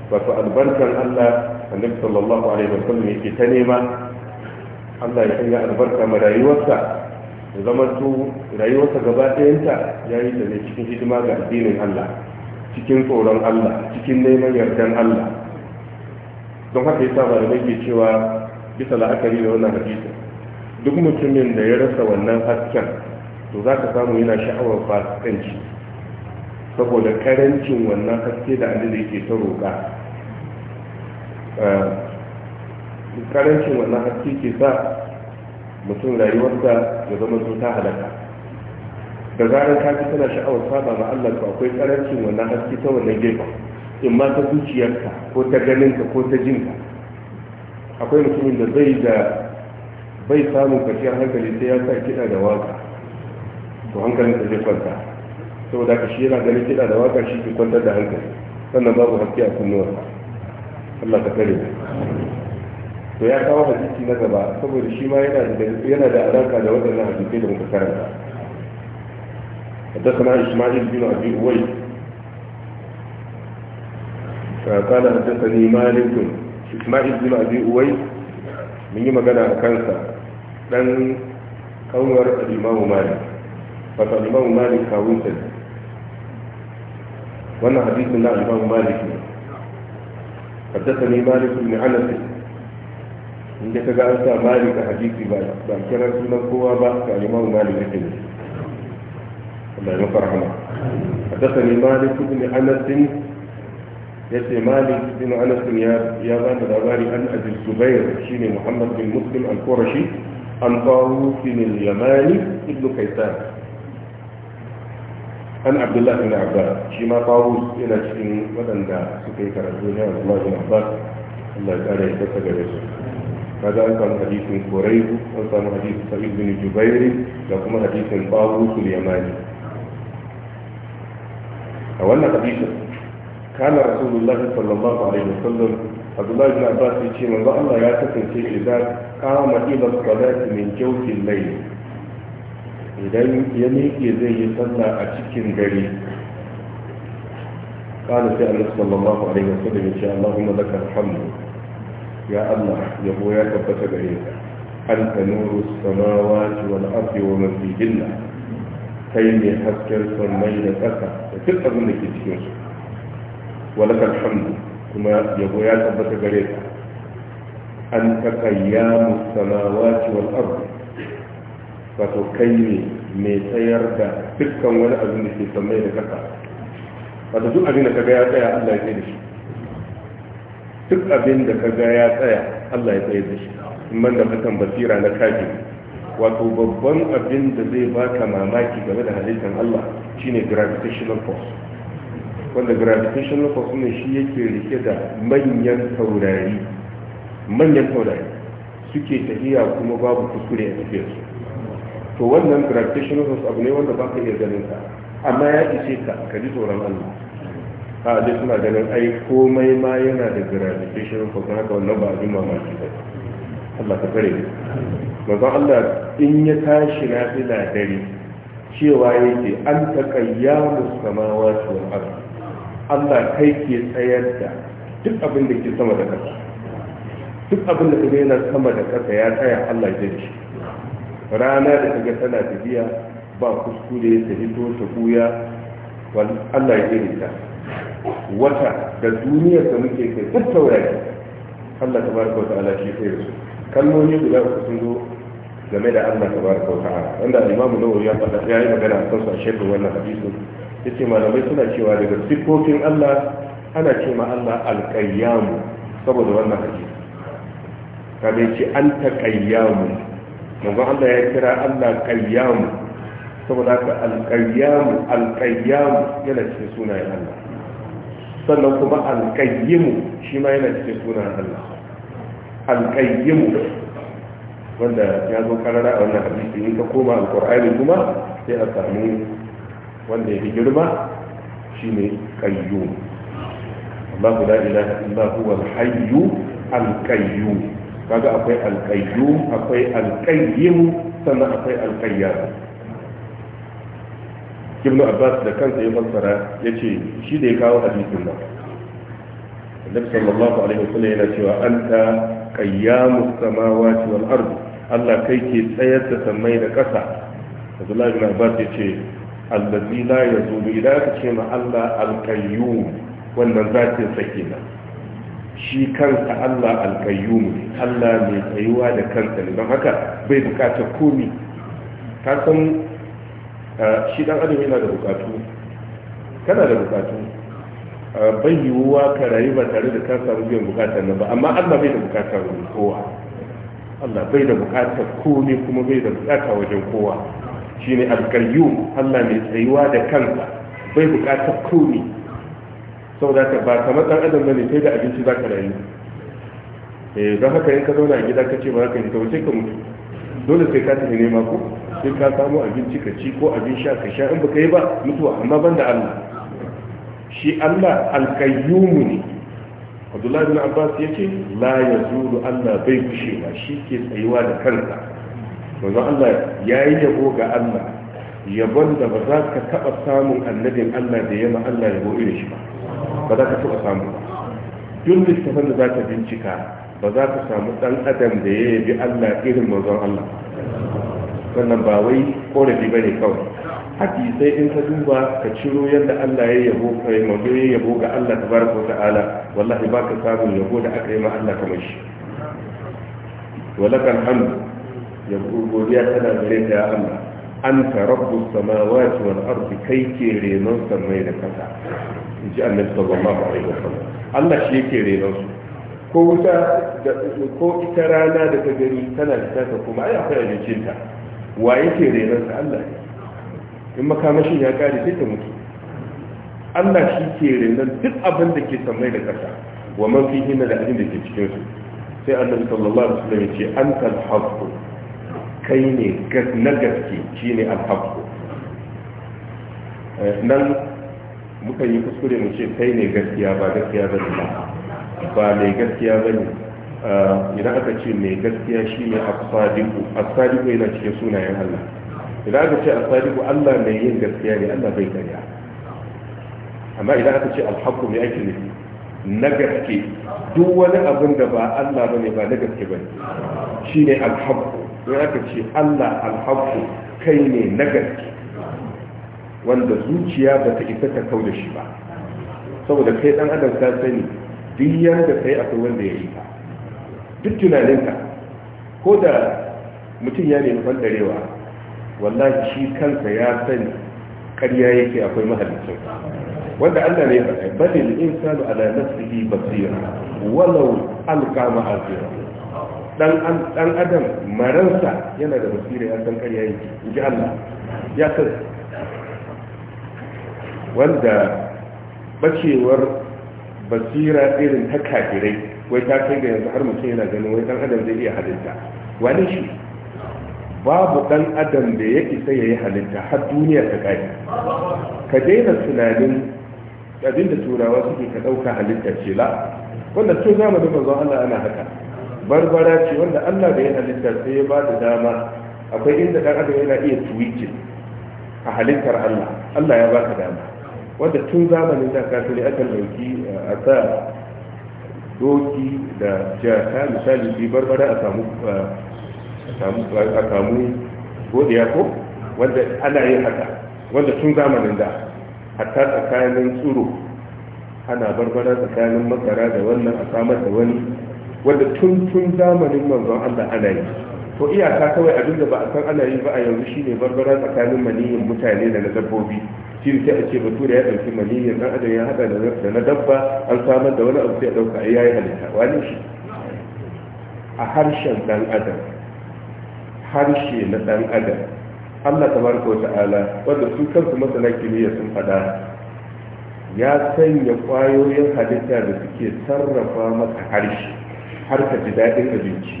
wato albarkan Allah annabi sallallahu alaihi wasallam yake ta nema Allah ya sanya albarka ma rayuwarsa da zama to rayuwarsa gaba ɗayanta ya yi da ne cikin hidima ga addinin Allah cikin tsoron Allah cikin neman yardan Allah don haka yasa ba da nake cewa bisa la'akari da wannan hadisi duk mutumin da ya rasa wannan hasken to za ka samu yana sha'awar fasikanci saboda karancin wannan haske da Allah yake ta roƙa karancin eh, wannan haske ke sa mutum rayuwarsa ya zama su ta halaka da zarar ka fi tana sha'awar saba ma Allah ko akwai karancin wannan haske ta wannan gefa, in ma ta zuciyarka ko ta ganinka ko ta jinka akwai mutumin da zai da bai samun kwanciyar hankali sai ya sa kiɗa da waka to hankalin ta zai kwanta saboda ka shi yana ganin kiɗa da waka shi ke kwantar da hankali sannan babu haske a kunnuwarsa Allah ka kare mu to ya kawo hadisi na gaba saboda shi ma yana da alaka da waɗannan hadisai da muka karanta حدثنا إسماعيل بن أبي أويس قال حدثني مالك إسماعيل بن أبي أويس من يوم كان أكنسا لن كور الإمام مالك فالإمام مالك كاون وانا حديث الله الإمام مالك حدثني مالك بن أنس in da ka ga an sa malik a hadisi ba ba kira sunan kowa ba ka limamu malik yake ne Allah ya farhama حدثني مالك بن انس يأتي مالك بن أنس يا بان الأباري أن أبي الزبير شيني محمد بن مسلم القرشي عن طاووس اليماني ابن كيسان أن عبد الله بن عباس شيما طاووس إلى شين ودن دا سكي كرزونا والله بن عباس الله تعالى يتسجى رسول هذا كذلك الحديث من كريب وكان حديث سعيد بن جبير لكم حديث من طاووس اليماني أولا حديث كان رسول الله صلى الله عليه وسلم عبد الله بن عباس يشي من رأى الله ياتكم في إذا قام إلى الصلاة من جوف الليل يعني إذا يميك يزيه صلى أشك غري قال سيدنا صلى الله عليه وسلم إن شاء الله لك الحمد ya Allah ya ya tabbata gare ka anta nuru samawati wal ardi wa ma fihinna kai ne hasken sammai da ƙasa da duk abin da ke cikin su wa lakal hamdu kuma ya ya tabbata gare ka anta qayyamu samawati wal ardi wato kai ne mai tsayar da dukkan wani abin da ke sammai da ƙasa wato duk abin da ka ga ya tsaya Allah ya da shi duk abin da ka ga ya tsaya Allah ya tsaye da shi in ban da fatan basira na kaji wato babban abin da zai baka mamaki game da halittar Allah shine gravitational force wanda gravitational force ne shi yake rike da manyan taurari manyan taurari suke tafiya kuma babu kuskure a su to wannan gravitational force abu ne wanda baka iya ganin ka amma ya ishe ka ka ji tsoron Allah a duk suna ganin ai komai ma yana da gratification ko kuma haka wannan ba ma shi ba Allah ka kare manzo Allah in ya tashi na fila dare cewa yake an taqayyamu samawati wal ard Allah kai ke tsayar da duk abin da ke sama da kasa. duk abin da kuma yana sama da kasa ya tsaya Allah ya ji rana da kaga tana tafiya ba kuskure ta hito ta kuya Allah ya ji ta wata da duniyar da muke kai duk taurari Allah tabaraka wa ta'ala shi sai su kalmomi guda uku sun zo game da Allah tabaraka wa ta'ala wanda al-Imam Nawawi ya faɗa ya yi magana a kansu a shekaru wannan hadisin yace malamai suna cewa daga siffofin Allah ana ce ma Allah al-Qayyam saboda wannan hadisi kabe ce anta qayyamu manzon Allah ya kira Allah qayyamu saboda ka al-Qayyam al-Qayyam yana cikin sunayen Allah sannan kuma alƙayyimu shi ma yana cikin sunan Allah alƙayyimu wanda ya zo karara a wannan hadisi in ka koma alƙur'ani kuma sai a samu wanda ya fi girma shi ne ƙayyum amma guda ilaha illa huwa alhayyu alƙayyum kaga akwai alƙayyum akwai alƙayyim sannan akwai alƙayyar ibn abbas da kansa ya fassara yace shi da ya kawo hadisin ba annabi sallallahu alaihi wasallam yana cewa anta qayyamus samawati wal ard Allah kai ke tsayar da mai da ƙasa Abdullah ibn Abbas yace allazi la yazulu idan aka ce ma Allah al-qayyum wannan zatin sa kenan shi kansa Allah al-qayyum Allah mai tsayuwa da kansa ne don haka bai bukatar komi ka san shi dan adam yana da bukatu kana da bukatu bai yiwuwa ka rayu ba tare da ka samu biyan bukatar nan ba amma Allah bai da bukatar kowa Allah bai da bukatar komai kuma bai da bukata wajen kowa shine alkayyu Allah mai tsayuwa da kansa bai bukatar komai saboda ka ba kamar dan adam bane sai da abinci zaka rayu eh don haka in ka zauna a gida ka ce ba za ka yi ta wace ka mutu dole sai ka tafi nema ko sai ka samu abinci ka ci ko abin sha ka sha in baka yi ba mutuwa amma banda Allah shi Allah alkayyumu ne Abdullahi bin Abbas ya ce la yazuru Allah bai ba shi ke tsayuwa da kansa wanda Allah ya yi yabo ga Allah yabon da ba za ka taɓa samun annabin Allah da yama Allah yabo irin shi ba ba za ka taɓa samu ba duk littafin da za ka bincika ba za ka samu ɗan adam da ya bi Allah irin manzon Allah sannan ba wai korafi ba ne kawai Haki sai in ka duba ka ciro yadda Allah ya yabo kai manzo ya yabo ga Allah tabaraka wa ta'ala wallahi ba ka samu yabo da aka yi ma Allah kamar shi walakal hamd yabo godiya tana gare ka ya Allah anta rabbus samawati wal ardi kai ke renon samai da kasa in ji annabi sallallahu alaihi wasallam Allah shi yake renon su ko wuta ko ita rana da ta gani tana da tasa kuma ai akwai abincinta wa yake renarsa Allah in makamashin ya kare sai ta mutu Allah shi ke renar duk abin da ke samai da ƙasa wa man fi hina da abin da ke cikin su sai Allah sallallahu alaihi wasallam ya ce al-haqq kai ne na gaske shine al haqq eh, nan muka yi kuskure mu ce kai ne gaskiya ba gaskiya ba ba mai gaskiya ba ne ah, idan aka ce mai gaskiya shi ne asadiku asadiku yana cikin sunayen allah idan aka ce asadiku allah mai yin gaskiya ne allah bai karya amma idan aka ce alhaku mai ake nufi na gaske duk wani abin da ba allah ba ne ba na gaske ba ne shi ne alhaku idan aka ce allah alhaku kai ne na gaske wanda zuciya ba ta isa ta kau da shi ba saboda kai dan adam ka sani duk yanda sai akwai wanda ya yi ta duk tunaninka ko da mutum ya nemi fandarewa wallahi shi kansa ya sani karya yake akwai mahallicin wanda Allah ne faɗa balil insanu ala nafsihi basira walau alƙama ma'azira dan dan adam maransa yana da basira ya san karya yake inji Allah ya san wanda bacewar basira irin ta kafirai wai ta kai ga yanzu har mutum yana ganin wai dan adam zai iya halitta wani shi babu dan adam da ya isa ya yi halitta har duniya ta kai ka daina tunanin abin da turawa suke ka ɗauka halitta ce la wanda tun da manzon Allah ana haka barbara ce wanda Allah da ya halitta sai ya ba da dama akwai inda dan adam yana iya tuwikin a halittar Allah Allah ya baka dama wanda tun zamanin da kafiri aka dauki eh, a sa doki da jaka misali bi barbara eh, a samu a samu godiya ko wanda ana yin haka wanda tun zamanin da hatta tsakanin tsuro ana barbara tsakanin makara da wannan a samar da wani wanda tun tun zamanin manzon Allah ana yi to iyaka kawai abinda ba a san ana yi ba a yanzu shine barbara tsakanin maniyin mutane da na dabbobi shi sai a ce bature ya ɗauki maniyyar ɗan adam ya haɗa da na dabba an samar da wani abu sai a ɗauka a yayi halitta wani shi a harshen ɗan adam harshe na ɗan adam Allah tabaraka wa ta'ala wanda su kansu masana kimiyya sun faɗa ya sanya kwayoyin halitta da suke sarrafa maka harshe har ka ji daɗin abinci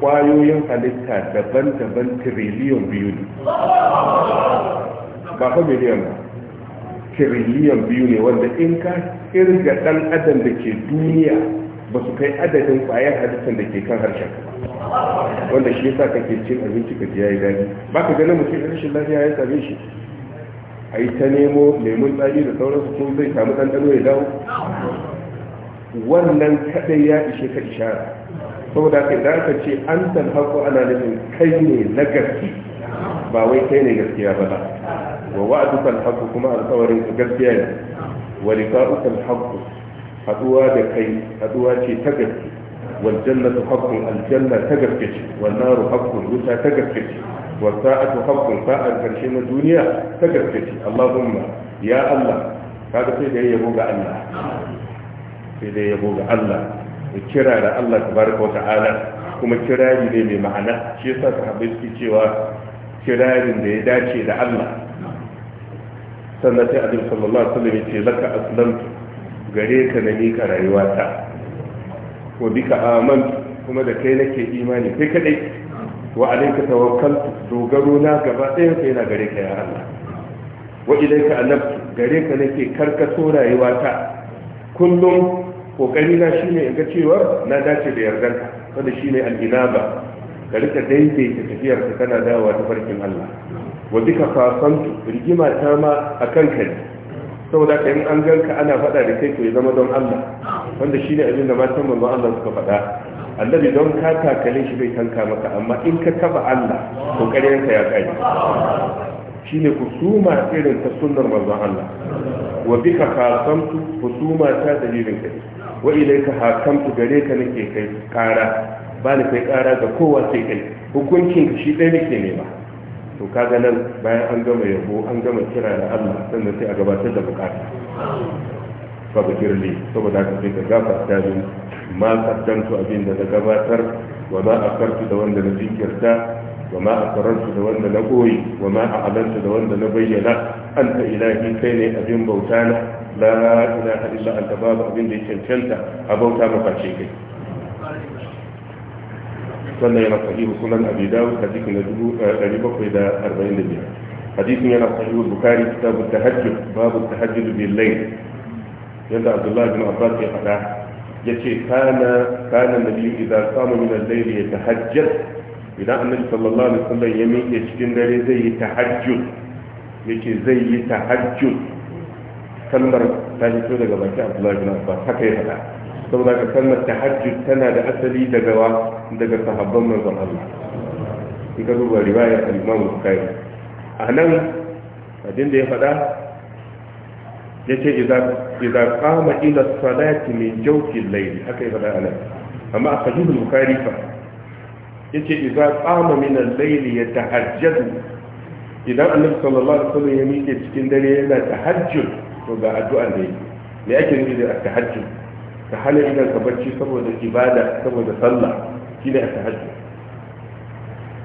kwayoyin halitta daban-daban tiriliyon biyu ne ba fa miliyan ba tiriliyan biyu ne wanda in ka kirga dan adam da ke duniya ba su kai adadin kwayar halittar da ke kan harshen wanda shi yasa kake cin abinci ka ya yi ba ka ganin mutum rashin lafiya ya same shi a yi ta nemo lemun tsari da sauransu ko zai samu ɗanɗano ya dawo wannan kadai ya ishe ka ishara saboda ka idan ka ce an talhaku ana nufin kai ne na gaske ba wai kai ne gaskiya ba ba wa wa'aduka al-haqq kuma alƙawarin ka gaskiya ne wa liqa'uka al-haqq ce ta gaske wal jannatu haqqun al ta gaske ce wan naru haqqun wuta ta gaske ce wa sa'atu haqqun sa'ar na duniya ta gaske ce ya Allah sai yabo ga Allah sai yabo ga Allah kira da Allah kuma kirari ne mai ma'ana shi yasa sahabbai suke cewa kirarin da ya dace da Allah sannan sai abin sallallahu alaihi wasallam ce laka aslamtu gare ka na mika rayuwata Ko bika aman kuma da kai nake imani kai kadai wa alayka tawakkaltu dogaro na gaba ɗaya kai na gare ka ya Allah wa ilayka anabtu gare ka nake karkato rayuwata kullum kokari na shine in ga cewa na dace da yardanka wanda shine al-inaba ka rika daidaita tafiyarka kana dawowa ta farkin Allah wa fafantu rigima ta ma akan kai saboda kai an ganka ana faɗa da kai ka yi zama don Allah wanda shine ne da matan manzon Allah suka faɗa annabi don ka takale shi bai tanka maka amma in ka taba Allah to ya kai ne kusuma irin ta sunnar manzon Allah wa fafantu kusuma ta dalilin kai wa ilaika hakamtu gare ka nake kai kara ba ni kai kara ga kowa sai kai hukuncin shi ɗaya nake nema to kaga nan bayan an gama yabo an gama kira da Allah sannan sai a gabatar da bukata fa bakirli saboda ka sai ka gafarta min ma kaddamtu abin da na gabatar wa ma akartu da wanda na jinkirta wa ma akarantu da wanda na koyi wa ma a'alantu da wanda na bayyana anta ilahi kai ne abin bauta na la ilaha illa anta babu abin da ya cancanta a bauta maka ce kai wannan yana sahihu sunan abi dawud hadisi na 745 eh, hadisin yana sahihu bukari kitabu tahajjud babu tahajjud bil layl yanda abdullahi bin abbas ya fada yace kana kana nabiyyu idza qama min al-layl yatahajjad idan annabi sallallahu alaihi wasallam ya miƙe cikin dare zai yi tahajjud yace zai yi tahajjud kalmar ta fito daga baki abdullahi bin abbas haka ya faɗa saboda ka kalmar tahajjud tana da asali daga wa daga sahabban manzon Allah in ka duba riwaya al-Imam Bukhari anan nan abin da ya faɗa yace idza idza qama ila salati min jawfi al-layl haka ya faɗa a amma a sahih al-Bukhari fa yace idza qama min al-layl yatahajjad idan annabi sallallahu alaihi wasallam ya miƙe cikin dare yana tahajjud to ga addu'a da yake me ake nufi da tahajjud ka hana idan ka barci saboda ibada saboda sallah shi ne a tahajjud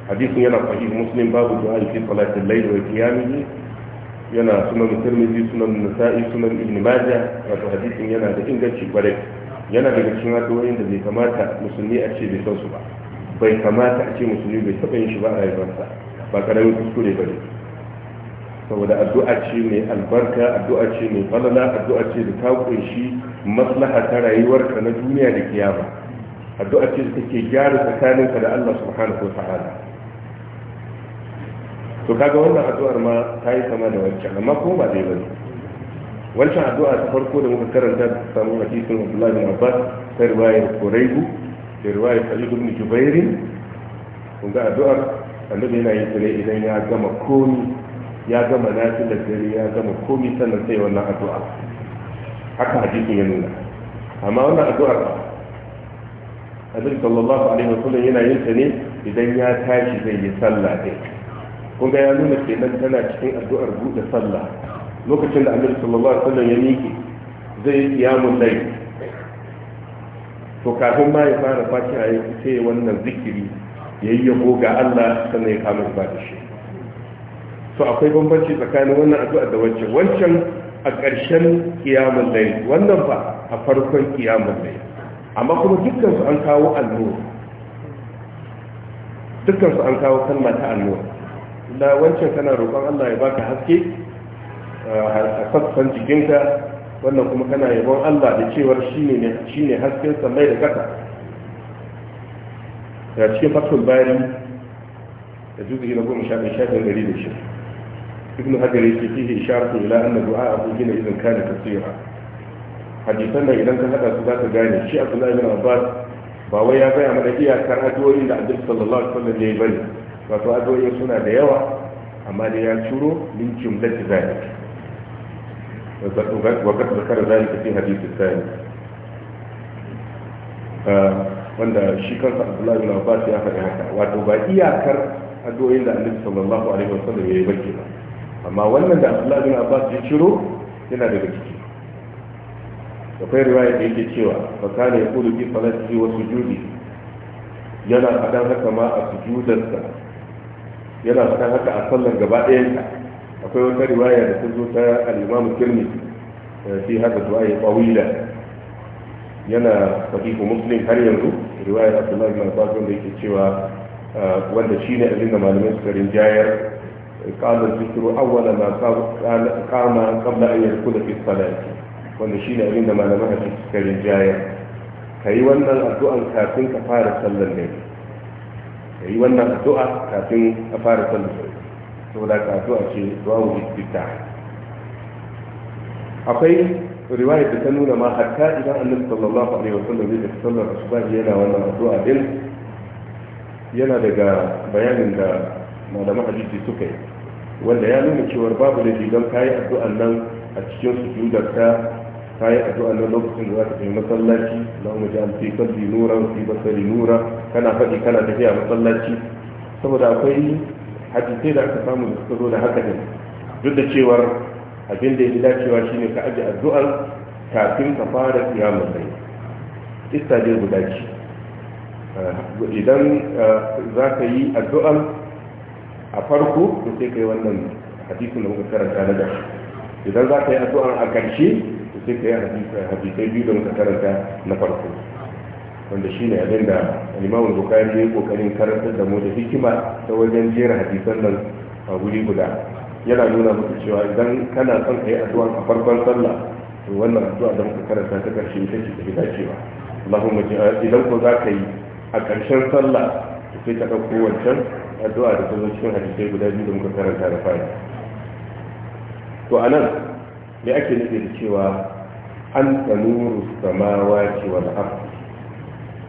hadisin yana sahih muslim babu du'a fi salatil layl wa qiyamihi yana sunan tirmidhi sunan nasa'i sunan ibn majah wato hadisin yana da inganci kwarai yana daga cikin addu'o'in da bai kamata musulmi a ce bai san su ba bai kamata a ce musulmi bai taɓa yin shi ba a rayuwarsa ba karamin kuskure ba ne saboda addu'a ce mai albarka addu'a ce mai falala addu'a ce da ta kunshi maslaha ta rayuwarka na duniya da kiyama addu'a ce da take gyara ka da Allah subhanahu wa ta'ala to kaga wannan addu'ar ma ta yi sama da wancan amma ko ba dai bane wancan addu'a ta farko da muka karanta ta samu hadisin Abdullah bin Abbas ta riwayar Quraybu da riwayar Khalid bin Jubairin kun ga addu'ar annabi yana yin ta idan ya gama komi ya gama nafilar dare ya gama komi sannan sai wannan addu'a haka hadisin ya nuna amma wannan addu'a ba annabi sallallahu alaihi wasallam yana yin ta ne idan ya tashi zai yi sallah dai kun ga ya nuna kenan tana cikin addu'ar buɗe sallah lokacin da annabi sallallahu alaihi wasallam ya miƙe zai yi qiyamul layl to kafin ma ya fara fatiha sai wannan zikiri yayi ya goga Allah sannan ya kama ibada shi to akwai bambanci tsakanin wannan addu'a da wancan wancan a ƙarshen kiyamun dare wannan ba a farkon kiyamun dare amma kuma dukkan su an kawo allura dukkan su an kawo kalma ta allura da wancan kana roƙon Allah ya baka haske a sassan jikinka wannan kuma kana yabon Allah da cewar shine shine hasken mai da kasa da cikin fatul bayani da juzu ila goma sha ɗaya shafin gari da shi ابن حجر يجي فيه إشارة إلى أن دعاء أبو هنا إذا كان كثيرا حديثنا إذا كان هذا سباك جاني شيء عبد الله بن عباس باوي يا بيا من أجيها كان أدوه إلا عبد الله صلى الله عليه وسلم جاي بني فأتوا أدوه يسونا ديوة أما دي ينشروا من جملة ذلك وقد ذكر ذلك في حديث الثاني آه، وأن شيكان عبد الله بن عباس يا أخي هكذا وأتوا بأيها كان أدوه إلا عبد الله صلى الله عليه وسلم جاي بني amma wannan da abdullahi bin abbas ya ciro yana daga ciki akwai riwaya da yake cewa fa ya yaqulu bi falati wa sujudi yana fadan haka ma a sujudarsa yana fadan haka a sallar gaba ka. akwai wata riwaya da ta zo ta al-imam tirmidhi eh, fi hada du'a ya qawila yana sahihu muslim har yanzu riwaya abdullahi bin abbas wanda yake cewa eh, wanda shine abin da malamai suka rinjayar قال الذكر أول ما قام قبل أن يدخل في الصلاة wanda shi ne abinda malamai hadisi kare rinjaya ka yi wannan addu'an kafin ka fara sallar ne ka yi wannan addu'a kafin ka fara sallar ne saboda ka addu'a ce zuwa wujudita akwai riwaya da ta nuna ma hatta idan annabi sallallahu alaihi wa sallam zai sallar asuba yana wannan addu'a din yana daga bayanin da malamai hadisi suka yi wanda ya nuna cewa babu laifi don kayi addu'an nan a cikin sujudar ka kayi addu'an nan lokacin da za ka tafi masallaci Allahumma ja'al fi qalbi nura fi basari nura kana faɗi kana tafiya masallaci saboda akwai hadisai da aka samu da suka zo da haka ne duk da cewar abin da ya ji dacewa shine ka aje addu'ar kafin ka fara kiyamar dai ista dai guda idan eh, za ka yi addu'an. a farko to sai kai wannan hadisin da muka karanta na gaba idan za ka yi addu'an a ƙarshe to sai kai hadisai biyu da muka karanta na farko wanda shine abin da limamin bukari ya yi kokarin karantar da mu da hikima ta wajen jera hadisan nan a guri guda yana nuna muku cewa idan kana son ka yi a farkon sallah to wannan addu'a da muka karanta ta karshe ita ce ta fi dacewa Allahumma idan ko za ka yi a ƙarshen sallah to sai ka ɗauko wancan addu'a da kuma cikin hadisai guda biyu da muka karanta da fara to a nan ne ake nufi da cewa an tsanuru sama wace wa da haka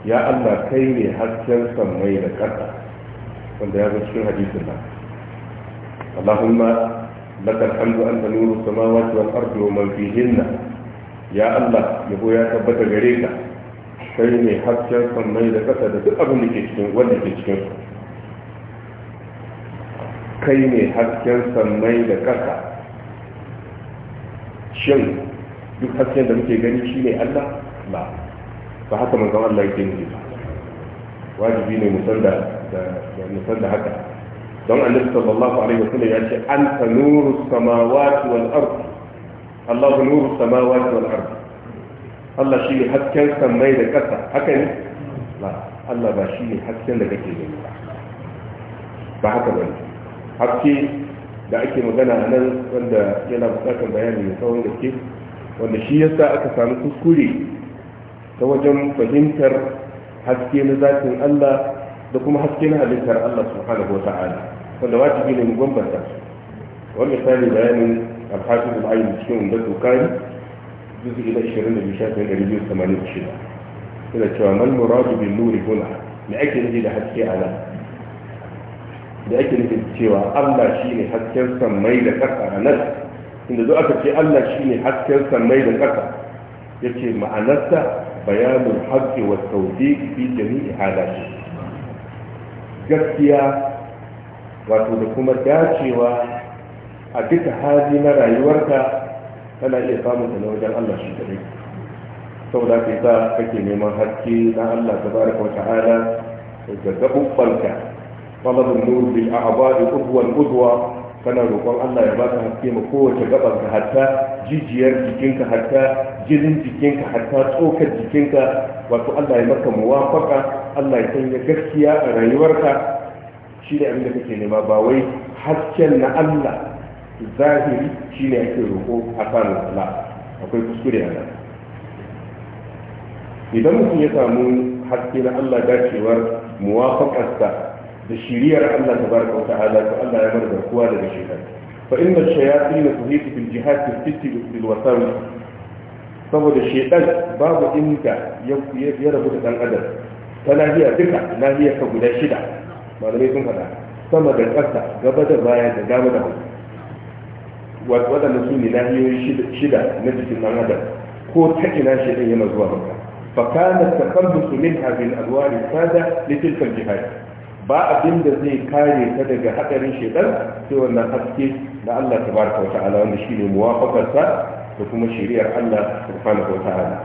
ya allah kai ne hasken samai da kasa wanda ya zo cikin hadisin nan allahumma laka alhamdu an tsanuru sama wace wa ardu wa man fihinna ya allah yabo ya tabbata gare ka kai ne hasken samai da kasa da duk abin da ke cikin wanda ke cikin su kai ne hasken sammai da ƙasa shin duk hasken da muke gani shi ne Allah ba ba haka manzon Allah yake nufi ba wajibi ne musan da musan da haka don annabi sallallahu alaihi wasallam ya ce anta nuru samawati wal ard Allah nuru samawati wal ard Allah shi ne hasken sammai da ƙasa haka ne ba Allah ba shi ne hasken da kake gani ba ba haka bane haske da ake magana a nan wanda yana bukatar bayani mai tsawon gaske wanda shi yasa aka sami kuskure ta wajen fahimtar haske na zatin Allah da kuma haske na halittar Allah subhanahu wa ta'ala wanda wajibi ne mu gwambata su wani misali bayanin alhafiz al-ayn cikin wanda tukari juz'i na 22 shafin 286 yana cewa mal muradu bin nuri huna me ake nufi da haske a nan da ake nufin cewa Allah shi ne hasken sammai da ƙasa a nan inda zo aka ce Allah shi ne hasken sammai da ƙasa ya ce ma'anarsa bayanin haƙƙi wa taudi fi jami'i halashi gaskiya wato da kuma dacewa a duka hali na rayuwarka tana iya samun ta na wajen Allah shi kadai saboda kai sa kake neman haske na Allah tabaraka wa ta'ala da gaɓuɓɓanka talabul nur bil a'ba'i udwa udwa kana roƙon Allah ya baka haske ma kowace gaban ka hatta jijiyar jikinka hatta jinin jikinka hatta tsokar jikinka wato Allah ya maka muwafaka Allah ya sanya gaskiya a rayuwarka shi ne abin da kake nema ba wai hasken na Allah zahiri shi ne ake roƙo a kan Allah akwai kuskure a idan mutum ya samu haske na Allah dacewar muwafakarsa da shiriyar Allah tabaraka wa ta'ala to Allah ya bar garkuwa daga shaytan fa inna shayatin tuhitu bil jihad tufitti bil wasawis saboda shaytan babu inda ya rabu da dan adam ta lahiya duka lahiya ka guda shida malamai sun faɗa sama da ƙasa gaba da baya da dama da hagu waɗanda su ne lahiyoyi shida na jikin ɗan adam ko ta ina shaidan yana zuwa maka fa kana takabbusu min hadhihi al-adwar sada li tilka al-jihad ba abin da zai kare ta daga hadarin shaitan sai wannan haske na Allah tabaraka wata'ala wanda ne muwafakarsa da kuma shari'ar Allah subhanahu wata'ala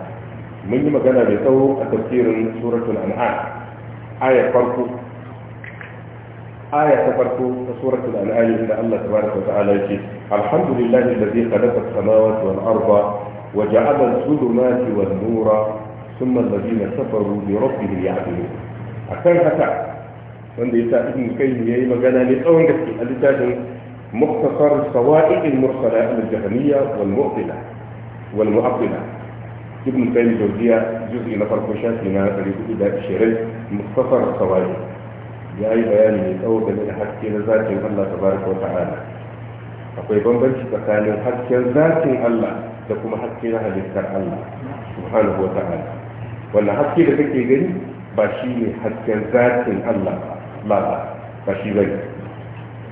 mun yi magana mai tsawo a tafsirin suratul an'am aya farko aya ta farko ta suratul an'am inda Allah tabaraka wata'ala yake alhamdulillahi alladhi khalaqa as-samawati wal arda wa ja'ala adh-dhulumati wan nura thumma alladhina kafaru bi rabbihim ya'dilun akan haka wanda ya sa ibn kayyim yayi magana ne tsawon gaske a littafin muktasar sawa'iq al-mursala al-jahmiyya wal mu'tila wal mu'attila ibn kayyim jawziya juz'i na farko shafi na 420 muktasar sawa'iq yayi bayani ne tsawon game da haske na zatin Allah tabaraka wa ta'ala akwai bambanci tsakanin hasken zatin Allah da kuma haske na halittar Allah subhanahu wa ta'ala wannan haske da kake gani ba shi ne hasken zatin Allah ba ba ba shi ba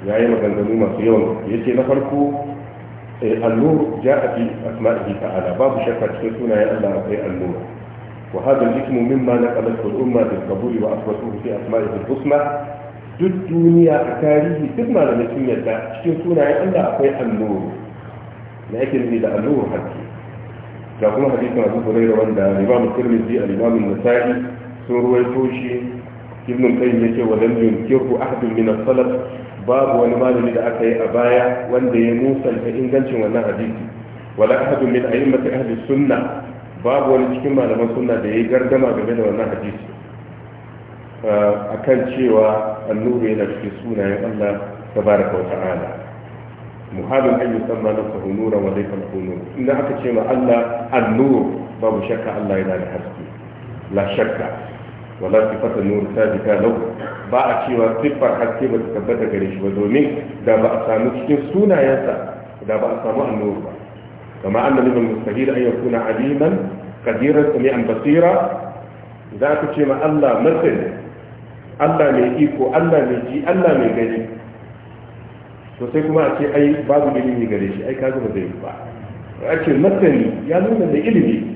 ya yi maganganu masu yawan ya ce na farko النور جاء في أسمائه تعالى باب شكا تشكسونا يا الله أخي النور وهذا الاسم مما نقلته الأمة بالقبول وأثبتوه في أسمائه الحسنى duk duniya a tarihi duk malamai sun yadda cikin sunayen Allah akwai annuru na yake nufi da annuru hakki ga kuma hadisin Abu Hurairah wanda Imam Tirmidhi al-Imam Nasa'i sun ruwaito shi ibn al-qayyim ce wa lam yunkiru ahadun min as-salaf babu wani malami da aka yi a baya wanda ya musanta ingancin wannan hadisi wala ahadun min a'immati ahli sunna babu wani cikin malaman sunna da yi gardama game da wannan hadisi akan cewa annuru yana cikin sunayen Allah tabaraka wa ta'ala muhalin an yusamma nafsahu nura wa laysa lahu nur idan aka ce ma Allah annur babu shakka Allah yana da haske la shakka wala sifatu nur sabita lau ba a cewa siffar haske ba ta tabbata gare shi ba domin da ba a samu cikin sunayensa da ba a samu annur ba kama annabi bin mustahil an yakuna aliman qadiran an basira za ku ce ma Allah masani Allah mai iko Allah mai ji Allah mai gani to sai kuma a ce ai babu ilimi gare shi ai kaga ba zai ba a ce masani ya nuna da ilimi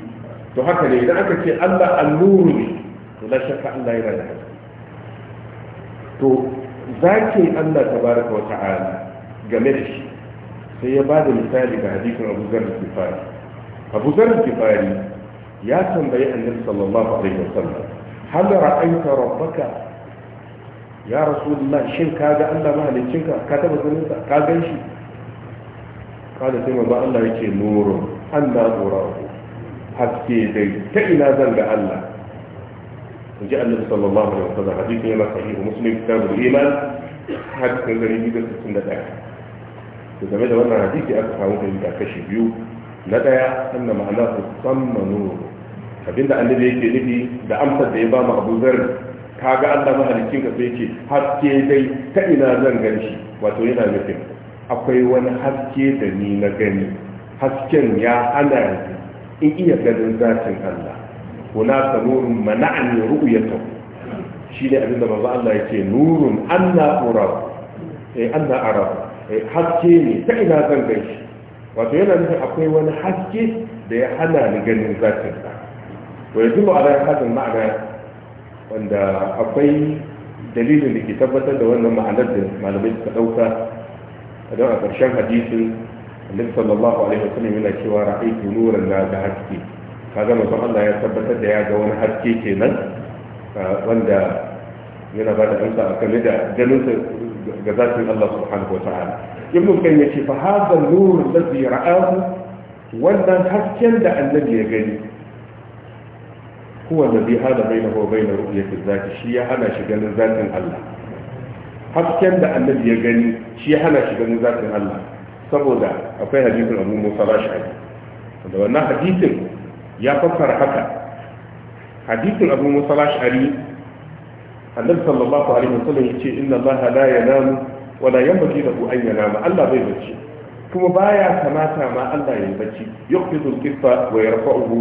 to haka ne idan aka ce Allah annuru ne to la shakka Allah yana da haske to ke Allah ta tabaraka wata ala game da shi sai ya bada misali ga hadisin Abu Zar al-Ghifari Abu Zar al ya tambayi Annabi sallallahu alaihi wasallam hal ra'aita rabbaka ya rasulullah shin ka ga Allah mahaliccinka ka taba ganin sa ka gan shi kada sai manzo Allah yake nurun Allah nurahu haske dai ta ina zan ga Allah in ji annabi sallallahu alaihi wasallam hadisin yana sahihu muslim kitabul iman hadisin gari biyu da sittin da ɗaya to game da wannan hadisi aka samu fahimta kashi biyu na ɗaya anna ma'ana su sammanu abinda annabi yake nufi da amsar da ya ba mu abu zar ka ga Allah mahalicin ka sai ce haske dai ta ina zan gani shi wato yana nufin akwai wani haske da ni na gani hasken ya hana in iya ganin zatin Allah hunaka nurun mana'ani ru'yatahu shine abinda manzo Allah yake nurun anna ura eh anna ara eh, haske ne ta ina zan gaishe wato yana nufin akwai wani haske da ya hana ni ganin zatin sa to yanzu ba ma'ana wanda akwai dalilin da ke tabbatar da wannan ma'anar da malamai suka a don a karshen hadisi, annabi sallallahu alaihi wasallam yana cewa ga haske kaga mutum Allah ya tabbatar da ya ga wani haske kenan wanda yana ba da amsa a game da ganinsa ga zafin Allah subhanahu wa ta'ala ibnu kan ya ce fa hadha nur alladhi ra'ahu wannan hasken da annabi ya gani huwa alladhi hada bainahu wa bain ru'yati zati shi ya hana shi ganin zatin Allah hasken da annabi ya gani shi ya hana shi ganin zatin Allah saboda akwai hadisin Abu Musa Rashidi da wannan hadithin ya fassara haka hadisin abu musa ash'ari annabi sallallahu alaihi wasallam yace inna allaha la yanamu wa la yanbaghi lahu an yanama allah bai bacci kuma baya kamata ma allah ya bacci yuqbidu al-kifa wa yarfa'uhu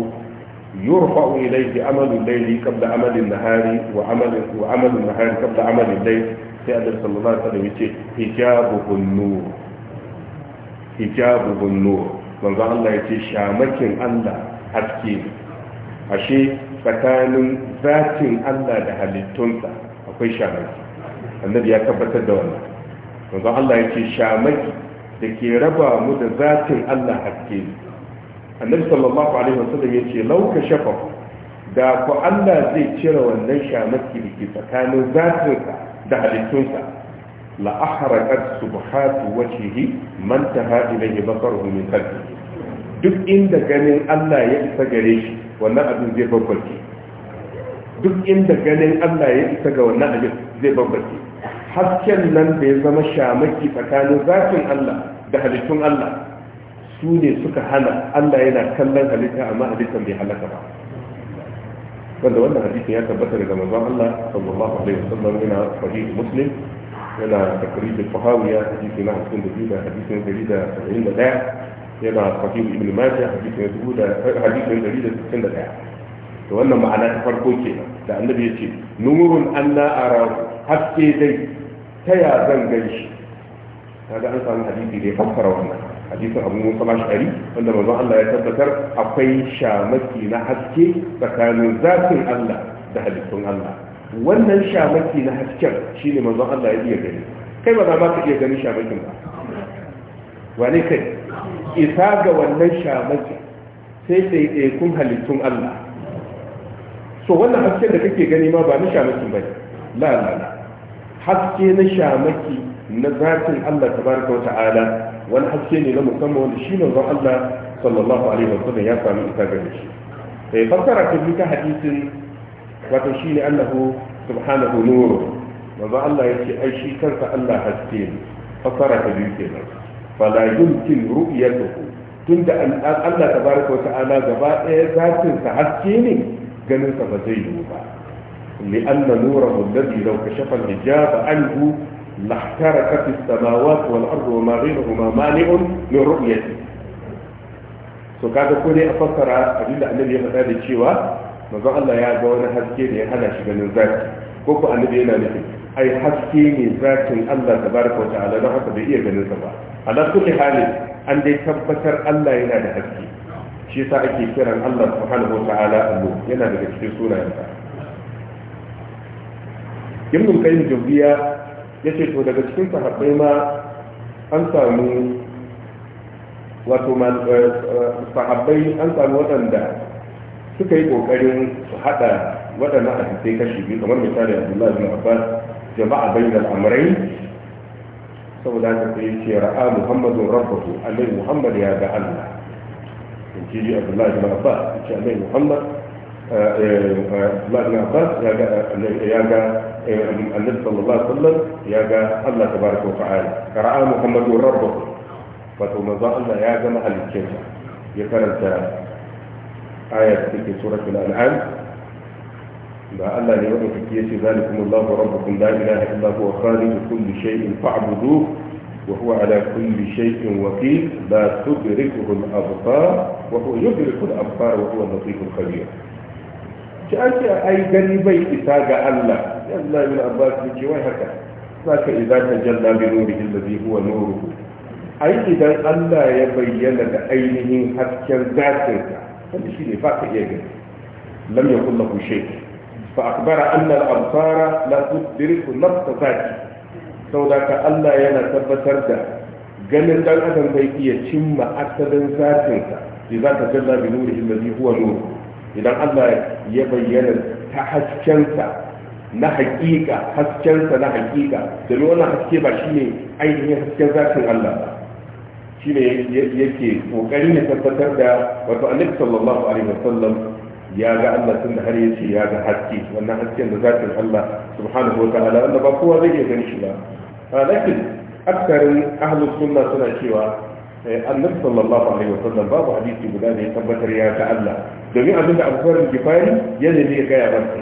يرفع إليه عمل الليل قبل عمل النهار وعمل وعمل النهار قبل عمل الليل في النبي صلى الله عليه وسلم يقول حجابه النور حجابه النور من الله يقول shamakin الله haske ashe tsakanin zatin Allah da halittunsa akwai shamaki annabi ya tabbatar da wannan manzo Allah ya ce shamaki da ke raba mu da zatin Allah haske annabi sallallahu alaihi wasallam ya ce lauka shafa da ku Allah zai cire wannan shamaki da ke tsakanin zatinsa da halittunsa la ahraqat subhatu wajhihi man taha ilayhi basaruhu min qalbihi duk inda ganin Allah ya isa gare shi wannan abin zai babbace duk inda ganin Allah ya isa ga wannan abin zai babbace hasken nan da ya zama shamaki tsakanin zafin Allah da halittun Allah su ne suka hana Allah yana kallon halitta amma halittan bai halaka ba wanda wannan hadisin ya tabbata daga manzon Allah sallallahu alaihi wasallam yana sahih muslim yana takrir al-fahawiya hadisi na 52 da hadisin 171 yana sahihu ibn majah hadisin 161 to wannan ma'ana ta farko ke da annabi ya ce nurun anna a haske dai ta ya zan Ta ga an samu hadisi da ya fassara wannan hadisin abu musa mashari wanda manzo Allah ya tabbatar akwai shamaki na haske tsakanin zafin Allah da halittun Allah wannan shamaki na hasken shine manzo Allah ya iya gani kai ba za ma ka iya ganin shamakin ba wani kai isa ga wannan shamaki sai kun halittun Allah so wannan haske da kake gani ma ba na shamaki ba la la la haske na shamaki na zatin Allah tabaraka wa ta'ala wani haske ne na musamman wanda shi manzon Allah sallallahu alaihi wa sallam ya samu isa gare shi sai eh, fassara ta bi ta hadisin wato shine Allah subhanahu nuru manzon Allah yace ai shi kansa Allah haske ne fassara ta biyu kenan fala yumkin ru'yatuhu tunda Allah tabaraka wa ta'ala gaba ɗaya zatin sa haske ne ganin sa ba zai yiwu ba li'anna nurahu alladhi law kashafa al-hijab anhu lahtarakat as-samawati wal ardu wa ma bainahuma mani'un min ru'yatihi so kaga ko dai a fassara abinda annabi ya faɗa da cewa manzon Allah ya ga wani haske da ya hana shi ganin zaki ko ko annabi yana nufin ai haske ne zakin Allah tabaraka wa ta'ala don haka bai iya ganin sa ba ala kulli hali an dai tabbatar Allah yana da haske shi yasa ake kiran Allah subhanahu wataala allo yana daga cikin sunayensa ibn qayyim jawziya yace to daga cikin sahabbai ma an samu wato eh, eh, sahabbai an samu waɗanda suka yi kokarin su hada waɗannan hadisai kashi biyu kamar misali abdullahi bin abbas jama'a bainal amrayn saboda haka sai yake ra'a muhammadun rabbahu alai muhammad ya ga allah in ji abdullahi abbas alai muhammad eh, eh, eh, abdullahi abbas ya ga ya ga annabi sallallahu alaihi wasallam ya ga allah tabaraka wa ta'ala ra'a muhammadun rabbahu wato allah ya ga ya karanta ayat suratul an'am ba Allah ne wanda kake yace zalikum Allahu rabbukum la ilaha illa huwa khaliqu kulli shay'in fa'buduhu wa huwa ala kulli shay'in wakil la tudrikuhu al-absar wa huwa yudriku al-absar wa huwa al-latif al-khabir ci an ce ai gani bai isa ga Allah ya Allah Abbas ya ce wai haka zaka idza tajalla bi nurihi alladhi huwa nuruhu ai idan Allah ya bayyana da ainihin hasken zatinsa wanda shi ne ba ka iya gani lam yakun lahu shay'un فأخبر أن الأمصار لا تدرك نفس ذاتي سوداك الله ينا تبتر ده ganin ɗan adam bai iya cimma asalin zatinsa da za ka jalla bi nurihi allazi huwa nur idan Allah ya bayyana ta haskensa na hakika haskensa na hakika domin wannan haske ba shine ainihin hasken zatin Allah ba shine yake kokarin ya tabbatar da wato annabi sallallahu alaihi wasallam ya ga Allah tun da har ya ce ya ga haske wannan hasken da zatin Allah subhanahu wa ta'ala wanda ba kowa zai iya gani shi ba lakin aksarin ahlus sunna suna cewa eh, annabi sallallahu alaihi wa sallam babu hadisi guda da ya tabbatar ya ga Allah domin abinda Abu Bakar ya ne ya gaya ya barka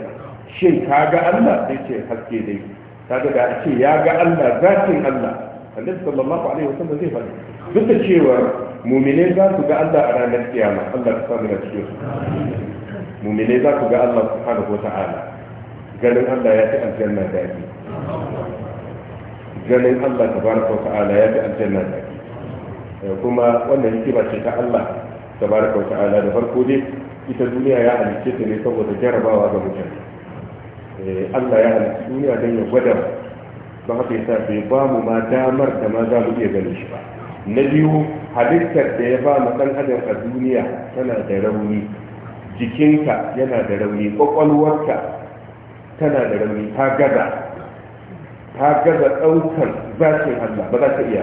shin ka ga Allah sai ce haske dai kaga da ce ya ga Allah zatin Allah annabi sallallahu alaihi wa sallam zai faɗi duk da cewa mu'mine za su ga Allah a ranar kiyama Allah ta samu da cikin su mumine za ku ga Allah subhanahu wa ta'ala ganin Allah ya fi aljanna daɗi ganin Allah tabaraka wa ta'ala ya fi aljanna daɗi eh, kuma wannan hikima ce ta Allah tabaraka wa ta'ala da farko dai ita duniya ya halicce ta ne saboda jarabawa ga mutane eh, Allah ya halicci duniya don ya gwada don haka yasa bai ba mu ma damar da ma za mu iya ganin shi ba na biyu halittar da ya ba mu ɗan adam a duniya tana da rauni jikinka yana da rauni kwakwalwarka tana da rauni ta gaza ta gaza ɗaukar zafin Allah ba za ta iya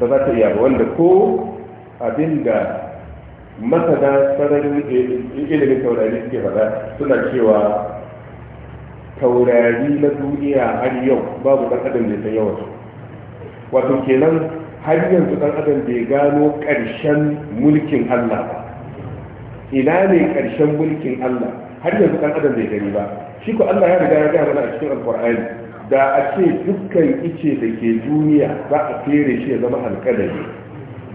ba za ta iya ba wanda ko abin da masana sararin ilimin taurari suke faɗa suna cewa taurari na duniya har yau babu ɗan adam da ta yawa wato kenan har yanzu ɗan adam bai gano ƙarshen mulkin Allah ba ina ne karshen mulkin Allah har yanzu kan adam bai gani ba shi ko Allah ya riga ya gaya mana a cikin alqur'ani da a ce dukkan ice da ke duniya za a fere shi ya zama alƙalami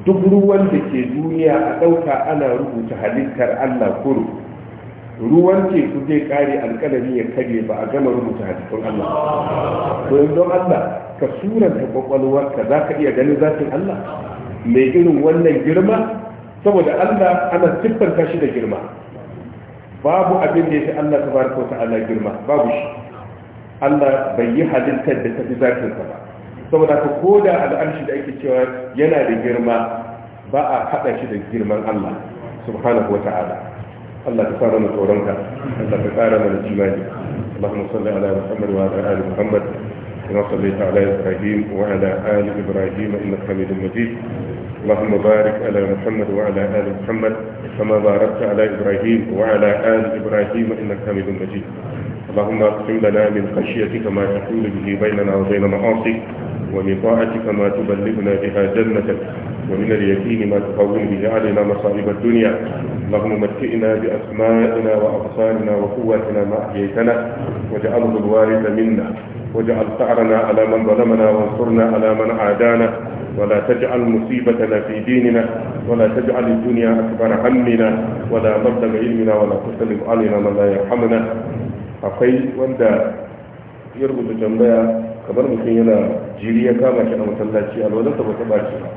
duk ruwan da ke duniya a ɗauka ana rubuta halittar Allah kuru ruwan teku zai kare alƙalami ya karye ba a gama rubuta hadisin Allah to yanzu Allah ka suranta kwakwalwarka za ka iya ganin zatin Allah mai irin wannan girma saboda Allah ana siffanta shi da girma babu abin da yake Allah tabaraka ta'ala girma babu shi Allah bai yi halittar da ta fi zafinsa ba saboda ka koda al'arshi da ake cewa yana da girma ba a haɗa shi da girman Allah subhanahu wa ta'ala الله تسارى من تورنك الله تسارى من الجمال اللهم صل wa محمد وعلى آل محمد كما صليت على إبراهيم وعلى Ali Ibrahim إنك حميد مجيد اللهم بارك على محمد وعلى آل محمد كما باركت على إبراهيم وعلى آل إبراهيم إنك حميد مجيد اللهم اقسم لنا من خشيتك ما تحول به بيننا وبين معاصيك ومن طاعتك ما تبلغنا بها جنتك ومن اليقين ما تقوم به علينا مصائب الدنيا اللهم متئنا بأسمائنا وأبصارنا وقوتنا ما أحييتنا واجعله الوارث منا واجعل ثأرنا على من ظلمنا وانصرنا على من عادانا ولا تجعل مصيبتنا في ديننا ولا تجعل الدنيا أكبر همنا ولا مبلغ علمنا ولا تسلم علينا من لا يرحمنا akwai wanda ya rubuta tambaya kamar mutum yana jiri ya kama shi a masallaci alwalarsa ba ta ɓaci ba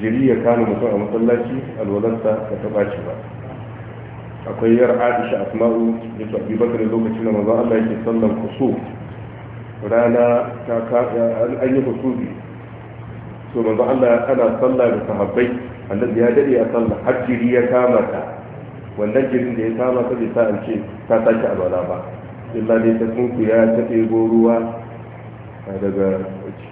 jiri ya kama mutum a masallaci alwalarsa ba ta ɓaci ba akwai yar aisha asma'u ya tafi bakar lokacin da maza allah yake sallan kusu rana ta an yi hutubi so manzo Allah ana sallah da sahabbai Allah ya dade a salla har jiri ya kama ta wannan jirin da ya kama ta bai an ce ta sake alwala ba illa dai ta tunku ya ta ɗebo ruwa daga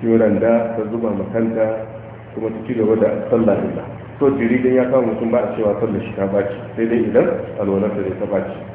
cikin randa ta zuba makanta kuma ta ci gaba da sallah illa so jiri dai ya kama mutum ba a cewa salla shi ta baci sai dai idan alwala da ta baci